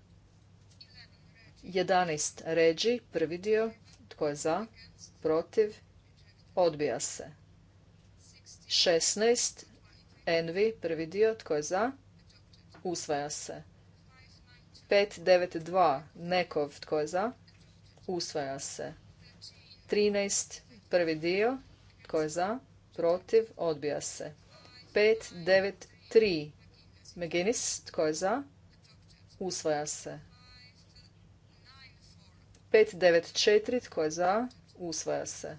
11 ređi, prvi dio. Tko je za? Protiv? Odbija se. 16 envi, prvi dio. Tko je za? Usvaja se. 592 nekov. Tko je za? Usvaja se. 13, prvi dio, tko je za, protiv, odbija se. 5, 9, 3, McGinnis, tko je za, usvaja se. 5, 9, 4, tko je za, usvaja se.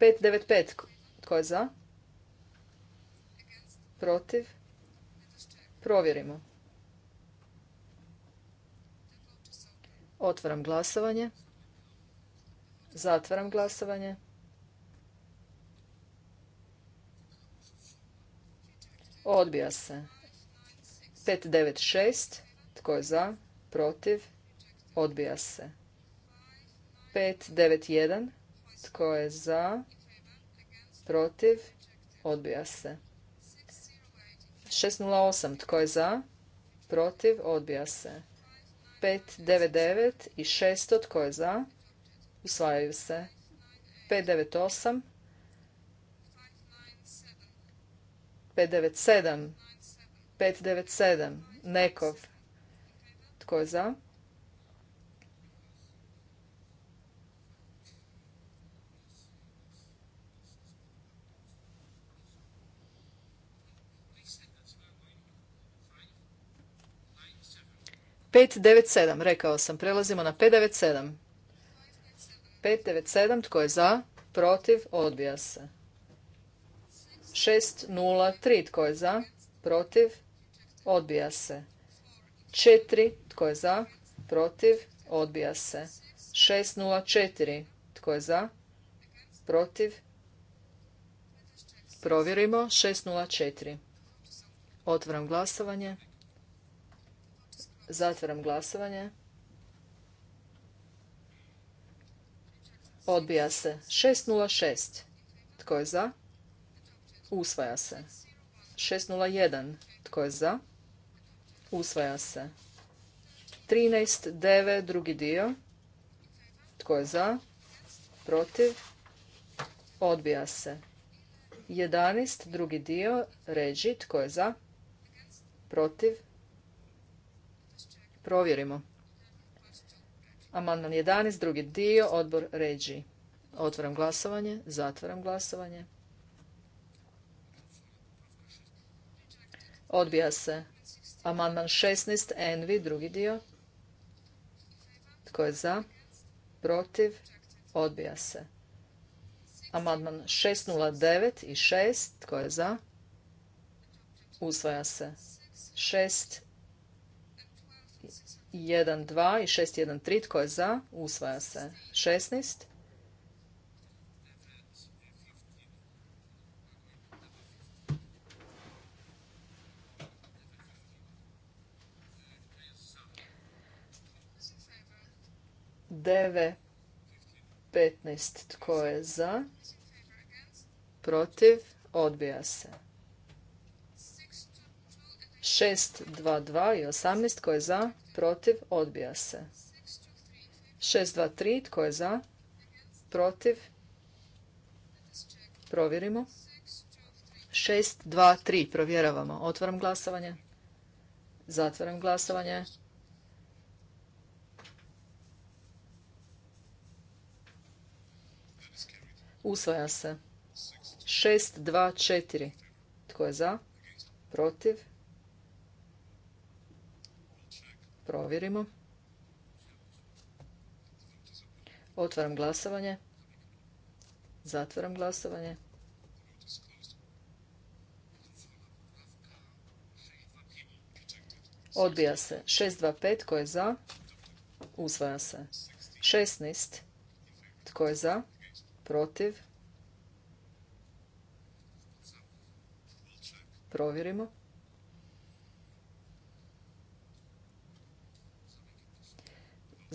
5, 9, 5, tko je za, protiv, provjerimo. Otvaram glasovanje. Zatvaram glasovanje. Odbija se. 596. Tko je za? Protiv? Odbija se. 591. Tko je za? Protiv? Odbija se. 608. Tko je za? Protiv? Odbija se. 599 i 600. Tko je za? Usvajaju se. 598. 597. 597. Nekov. Tko je za? Pet devet sedam, rekao sam. Prelazimo na pet devet sedam. 597 tko je za, protiv, odbija se. 603 tko je za, protiv, odbija se. 4 tko je za, protiv, odbija se. 604 tko je za, protiv, provjerimo 604. Otvaram glasovanje. Zatvaram glasovanje. Odbija se. 606. Tko je za? Usvaja se. 601. Tko je za? Usvaja se. 13.9. Drugi dio. Tko je za? Protiv? Odbija se. 11. Drugi dio. Ređi. Tko je za? Protiv? Provjerimo. Amandman 11, drugi dio, odbor ređi. Otvaram glasovanje, zatvaram glasovanje. Odbija se. Amandman 16, Envi, drugi dio. Tko je za? Protiv? Odbija se. Amandman 609 i 6. Tko je za? Usvaja se. 6 1, dva i 6.1.3, 1, Tko je za? Usvaja se. 16. Deve 15. Tko je za? Protiv? Odbija se. Šest dva dva i 18. Tko je za? protiv, odbija se. 623, tko je za, protiv, provjerimo. 623, provjeravamo. Otvaram glasovanje. Zatvaram glasovanje. Usvaja se. 624. Tko je za? Protiv? Provjerimo. Otvaram glasovanje. Zatvaram glasovanje. Odbija se. 625 tko je za? Usvaja se. 16 tko je za? Protiv? Provjerimo.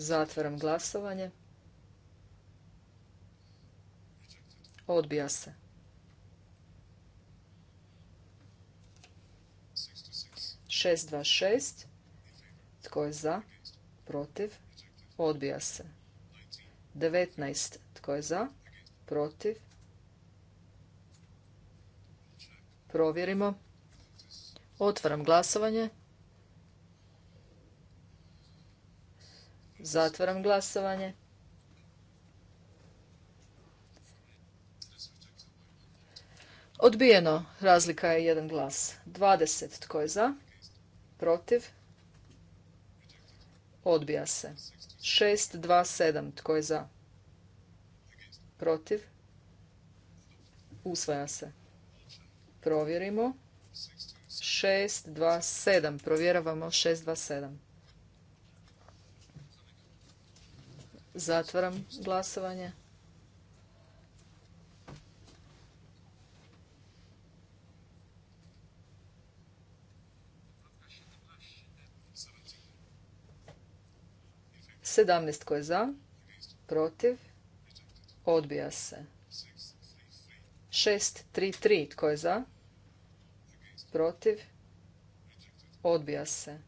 Zatvaram glasovanje. Odbija se. 626. Tko je za? Protiv? Odbija se. 19. Tko je za? Protiv? Provjerimo. Otvaram glasovanje. Zatvaram glasovanje. Odbijeno. Razlika je jedan glas. 20. Tko je za? Protiv? Odbija se. 7 Tko je za? Protiv? Usvaja se. Provjerimo. 7, Provjeravamo 7. Zatvaram glasovanje. 17 koji je za, protiv, odbija se. 6, 3, 3 koji je za, protiv, odbija se.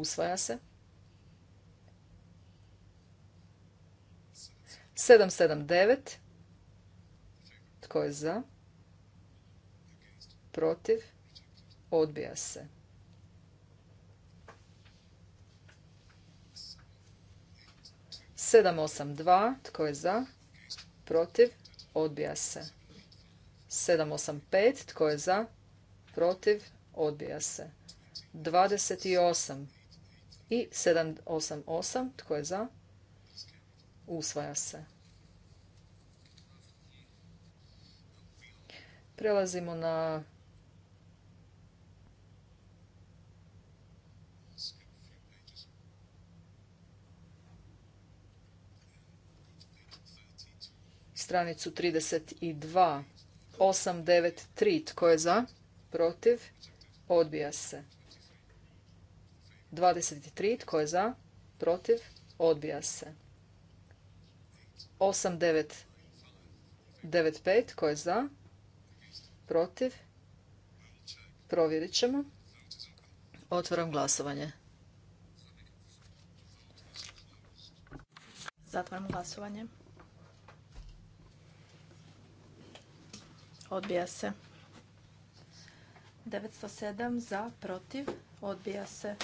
usvaja se. 779. Tko je za? Protiv? Odbija se. 782. Tko je za? Protiv? Odbija se. 785. Tko je za? Protiv? Odbija se. 28 i 788. Tko je za? Usvaja se. Prelazimo na stranicu 32. 893. Tko je za? Protiv? Odbija se. 23. Tko je za? Protiv? Odbija se. 8, 9, Tko je za? Protiv? Provjerit ćemo. Otvaram glasovanje. Zatvaram glasovanje. Odbija se. 907 za, protiv, odbija se.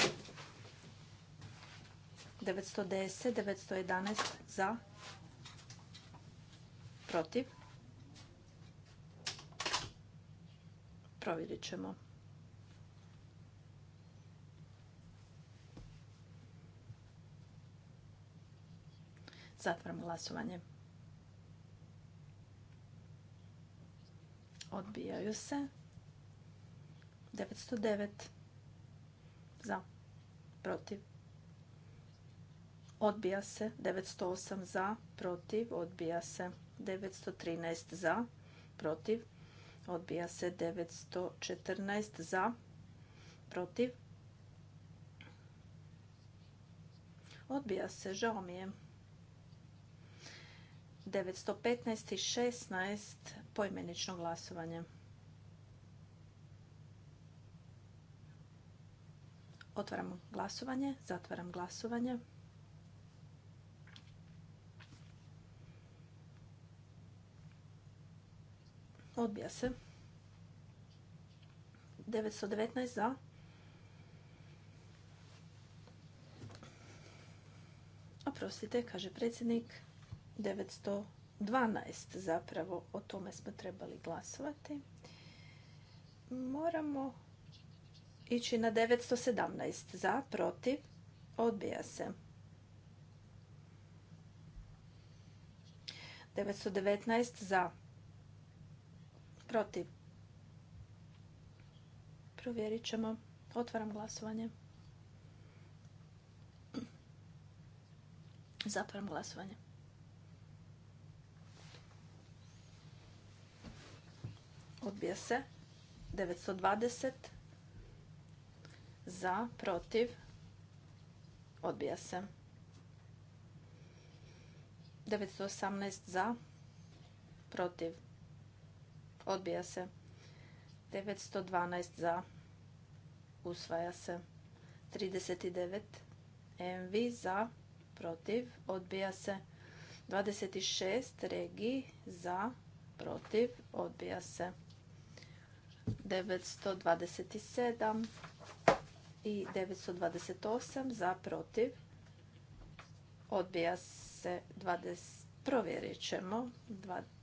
910, 911 za, protiv. Provjerit ćemo. Zatvaram glasovanje. Odbijaju se. 909 za, protiv. Odbija se 908 za, protiv, odbija se 913 za, protiv, odbija se 914 za, protiv, odbija se, žao mi je. 915 i 16 poimenično glasovanje. Otvaram glasovanje, zatvaram glasovanje. Odbija se. 919 za. Oprostite, kaže predsjednik. 912 zapravo o tome smo trebali glasovati. Moramo ići na 917 za, protiv, odbija se. 919 za, protiv. Provjerit ćemo. Otvaram glasovanje. Zatvaram glasovanje. Odbija se. 920. Za, protiv. Odbija se. 918 za, protiv. Odbija se. 912 za. Usvaja se. 39 MV za. Protiv. Odbija se. 26 regi za. Protiv. Odbija se. 927 i 928 za protiv. Odbija se 20. Provjerit ćemo. 20,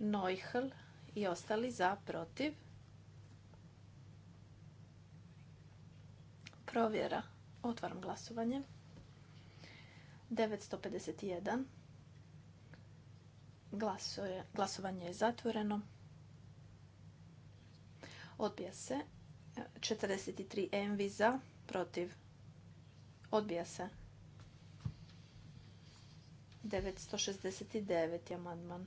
Neuhl i ostali za protiv. Provjera. Otvaram glasovanje. 951. glasovanje je zatvoreno. Odbija se. 43 envi za, protiv. Odbija se. 969. amandman.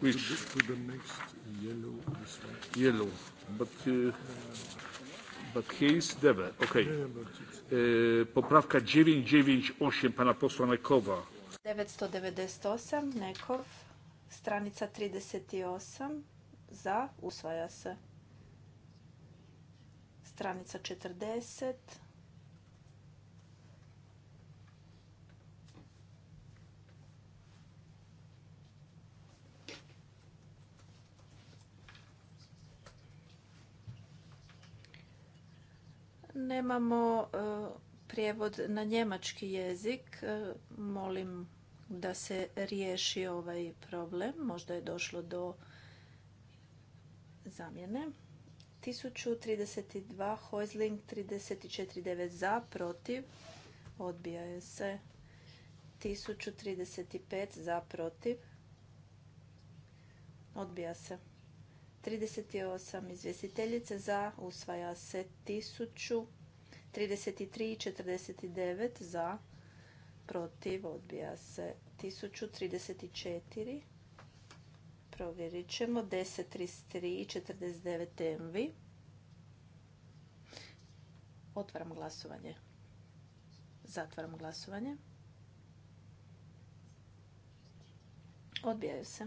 which to the next yellow yellow but uh, but is deve okay e, poprawka 998 pana posła Nekowa 998 Nekov stranica 38 za usvaja se stranica 40 Nemamo e, prijevod na njemački jezik. E, molim da se riješi ovaj problem. Možda je došlo do zamjene. 1032, Hojzling 349 za, protiv, odbija se. 1035 za, protiv, odbija se. 38 izvjestiteljice za, usvaja se 1033 i 49 za, protiv, odbija se 1034, provjerit ćemo 1033 i 49 MV. Otvaram glasovanje. Zatvaram glasovanje. Odbijaju se.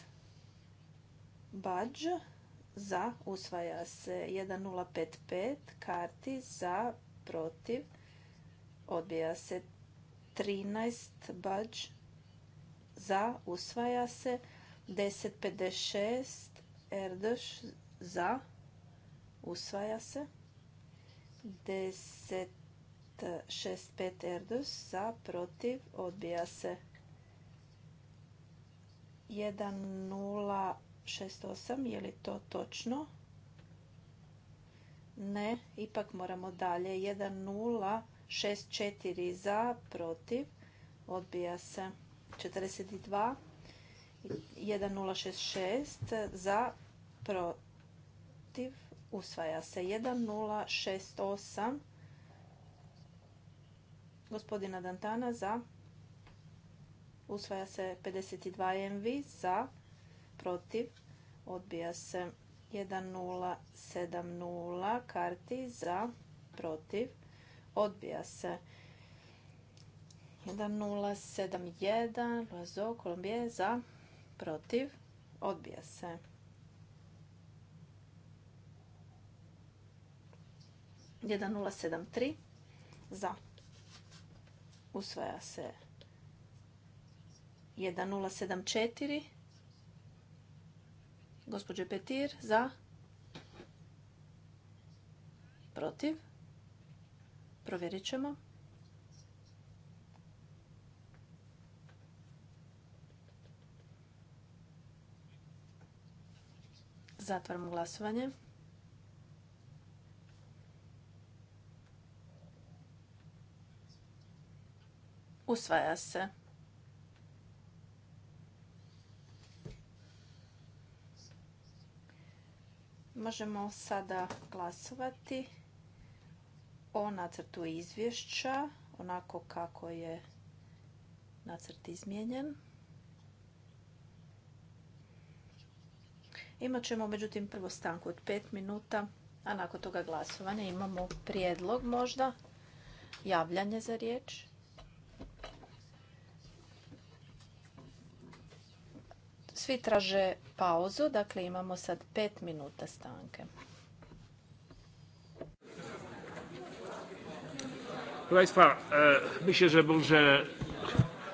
Badge za, usvaja se 1055, karti za, protiv, odbija se 13, bađ za, usvaja se 1056, erdš za, usvaja se 1065, erdš za, protiv, odbija se 10 6.8. Je li to točno? Ne, ipak moramo dalje. 1.0.6.4 za, protiv. Odbija se 42. 1.0.6.6 za, protiv. Usvaja se 1.0.6.8. Gospodina Dantana za, usvaja se 52 MV za, protiv, odbija se 1070 karti za protiv odbija se 1071 Loazo Kolumbije za protiv odbija se 1073 za usvaja se 1074 gospođe Petir za protiv. Provjerit ćemo. Zatvaram glasovanje. Usvaja se. Možemo sada glasovati o nacrtu izvješća, onako kako je nacrt izmijenjen. Imat ćemo međutim prvo stanku od 5 minuta, a nakon toga glasovanja imamo prijedlog možda, javljanje za riječ. Svi traže pauzu, dakle imamo sad pet minuta stanke.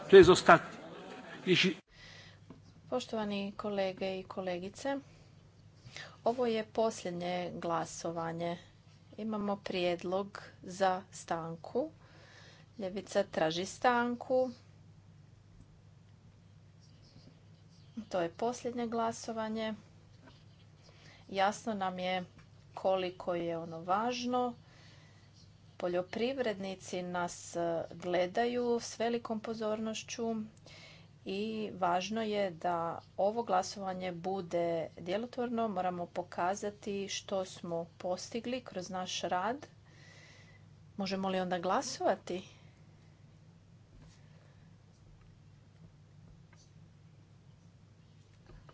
E, to Poštovani kolege i kolegice, ovo je posljednje glasovanje. Imamo prijedlog za stanku. Ljevica traži stanku To je posljednje glasovanje. Jasno nam je koliko je ono važno. Poljoprivrednici nas e, gledaju s velikom pozornošću i važno je da ovo glasovanje bude djelotvorno. Moramo pokazati što smo postigli kroz naš rad. Možemo li onda glasovati?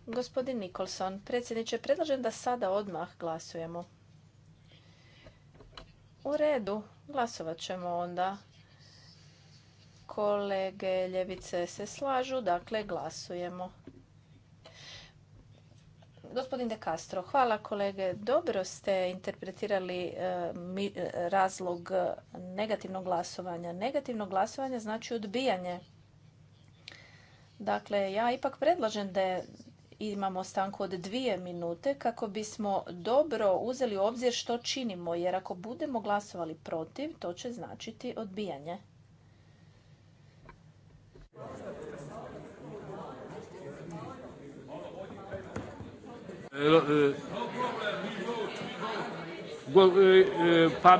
Gospodin Nikolson, predsjedniče, predlažem da sada odmah glasujemo. U redu, glasovat ćemo onda. Kolege ljevice se slažu, dakle glasujemo. Gospodin De Castro, hvala kolege. Dobro ste interpretirali eh, eh, razlog negativnog glasovanja. Negativno glasovanje znači odbijanje. Dakle, ja ipak predlažem da imamo stanku od dvije minute kako bismo dobro uzeli u obzir što činimo, jer ako budemo glasovali protiv, to će značiti odbijanje. E, e, pa,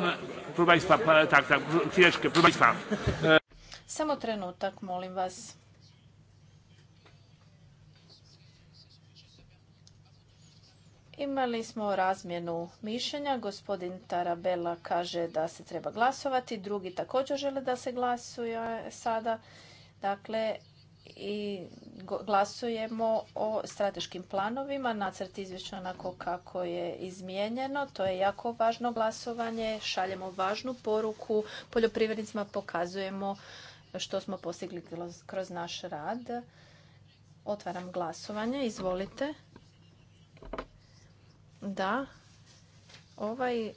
Samo trenutak, molim vas. Imali smo razmjenu mišljenja. Gospodin Tarabela kaže da se treba glasovati. Drugi također žele da se glasuje sada. Dakle, i glasujemo o strateškim planovima. Nacrt izvješća onako kako je izmijenjeno. To je jako važno glasovanje. Šaljemo važnu poruku. Poljoprivrednicima pokazujemo što smo postigli kroz naš rad. Otvaram glasovanje. Izvolite da ovaj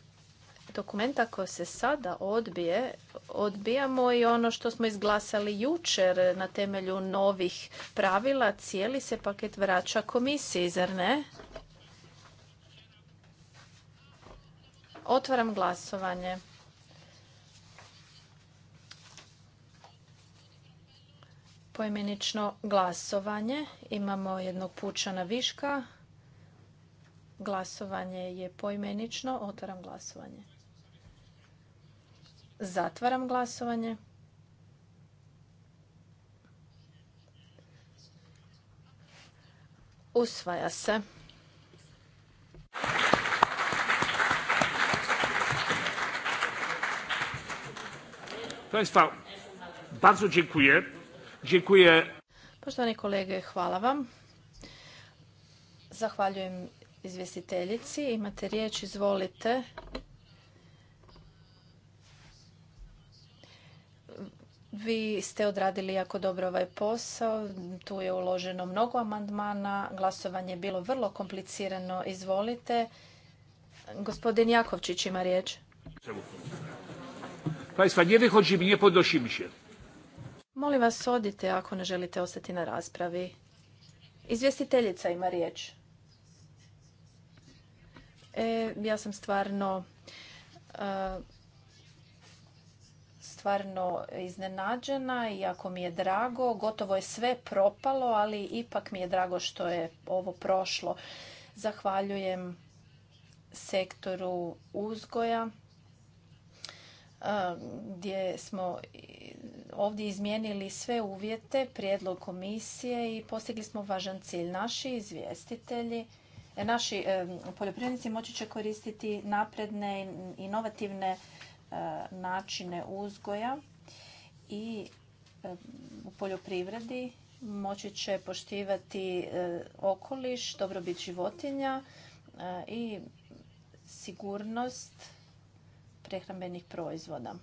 dokument ako se sada odbije, odbijamo i ono što smo izglasali jučer na temelju novih pravila, cijeli se paket vraća komisiji, zar ne? Otvaram glasovanje. Poimenično glasovanje. Imamo jednog pučana viška. Glasovanje je poimenično. Otvaram glasovanje. Zatvaram glasovanje. Usvaja se. Państwa, bardzo dziękuję. Dziękuję. Poštovani kolege, hvala vam. Zahvaljujem izvjestiteljici. Imate riječ, izvolite. Vi ste odradili jako dobro ovaj posao, tu je uloženo mnogo amandmana, glasovanje je bilo vrlo komplicirano, izvolite. Gospodin Jakovčić ima riječ. Państwa, nie nie Molim vas, odite ako ne želite ostati na raspravi. Izvjestiteljica ima riječ. E, ja sam stvarno e, stvarno iznenađena i jako mi je drago. Gotovo je sve propalo, ali ipak mi je drago što je ovo prošlo. Zahvaljujem sektoru uzgoja e, gdje smo ovdje izmijenili sve uvjete, prijedlog komisije i postigli smo važan cilj. Naši izvjestitelji naši eh, poljoprivrednici moći će koristiti napredne, inovativne eh, načine uzgoja i eh, u poljoprivredi moći će poštivati okoliš, dobrobit životinja i sigurnost prehrambenih proizvoda.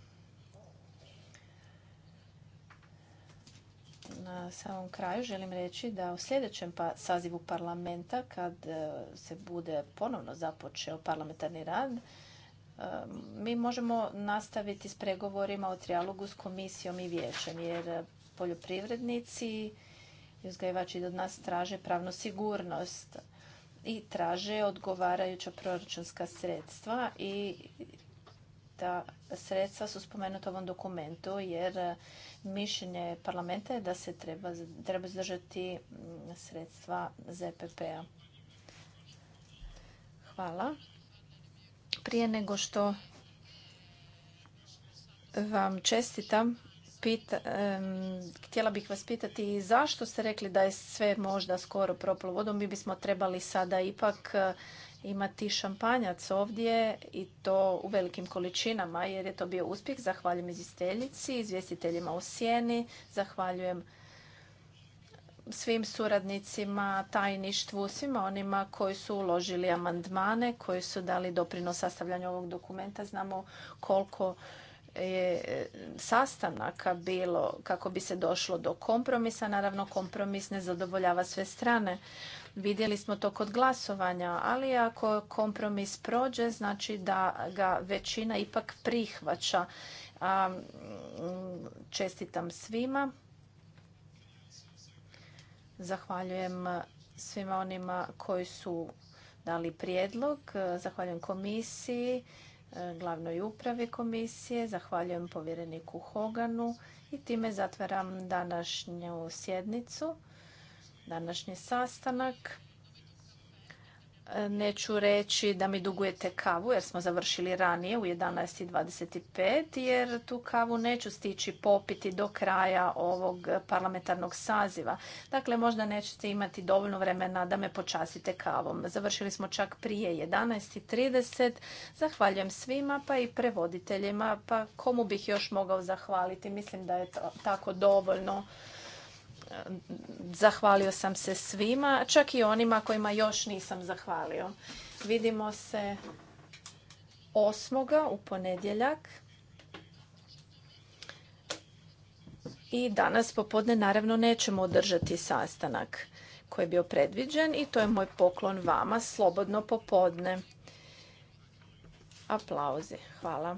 Na samom kraju želim reći da u sljedećem pa-, sazivu parlamenta, kad e, se bude ponovno započeo parlamentarni rad, e, mi možemo nastaviti s pregovorima o trijalogu s komisijom i vijećem, jer poljoprivrednici i uzgajivači od nas traže pravnu sigurnost i traže odgovarajuća proračunska sredstva i sredstva su spomenuta u ovom dokumentu jer mišljenje parlamenta je da se treba, treba zadržati mm, sredstva ZPP-a. Hvala. Prije nego što vam čestitam, pita, um, htjela bih vas pitati zašto ste rekli da je sve možda skoro proplo vodom. Mi bismo trebali sada ipak imati šampanjac ovdje i to u velikim količinama jer je to bio uspjeh. Zahvaljujem izvjestiteljici, izvjestiteljima u sjeni, zahvaljujem svim suradnicima, tajništvu, svima onima koji su uložili amandmane, koji su dali doprinos sastavljanju ovog dokumenta. Znamo koliko je e, sastanaka bilo kako bi se došlo do kompromisa. Naravno, kompromis ne zadovoljava sve strane. Vidjeli smo to kod glasovanja, ali ako kompromis prođe, znači da ga većina ipak prihvaća. Čestitam svima. Zahvaljujem svima onima koji su dali prijedlog. Zahvaljujem komisiji, glavnoj upravi komisije, zahvaljujem povjereniku Hoganu i time zatvaram današnju sjednicu današnji sastanak. Neću reći da mi dugujete kavu jer smo završili ranije u 11.25 jer tu kavu neću stići popiti do kraja ovog parlamentarnog saziva. Dakle, možda nećete imati dovoljno vremena da me počasite kavom. Završili smo čak prije 11.30. Zahvaljujem svima pa i prevoditeljima. Pa komu bih još mogao zahvaliti? Mislim da je to tako dovoljno zahvalio sam se svima, čak i onima kojima još nisam zahvalio. Vidimo se osmoga u ponedjeljak. I danas popodne naravno nećemo održati sastanak koji je bio predviđen i to je moj poklon vama, slobodno popodne. Aplauzi, hvala.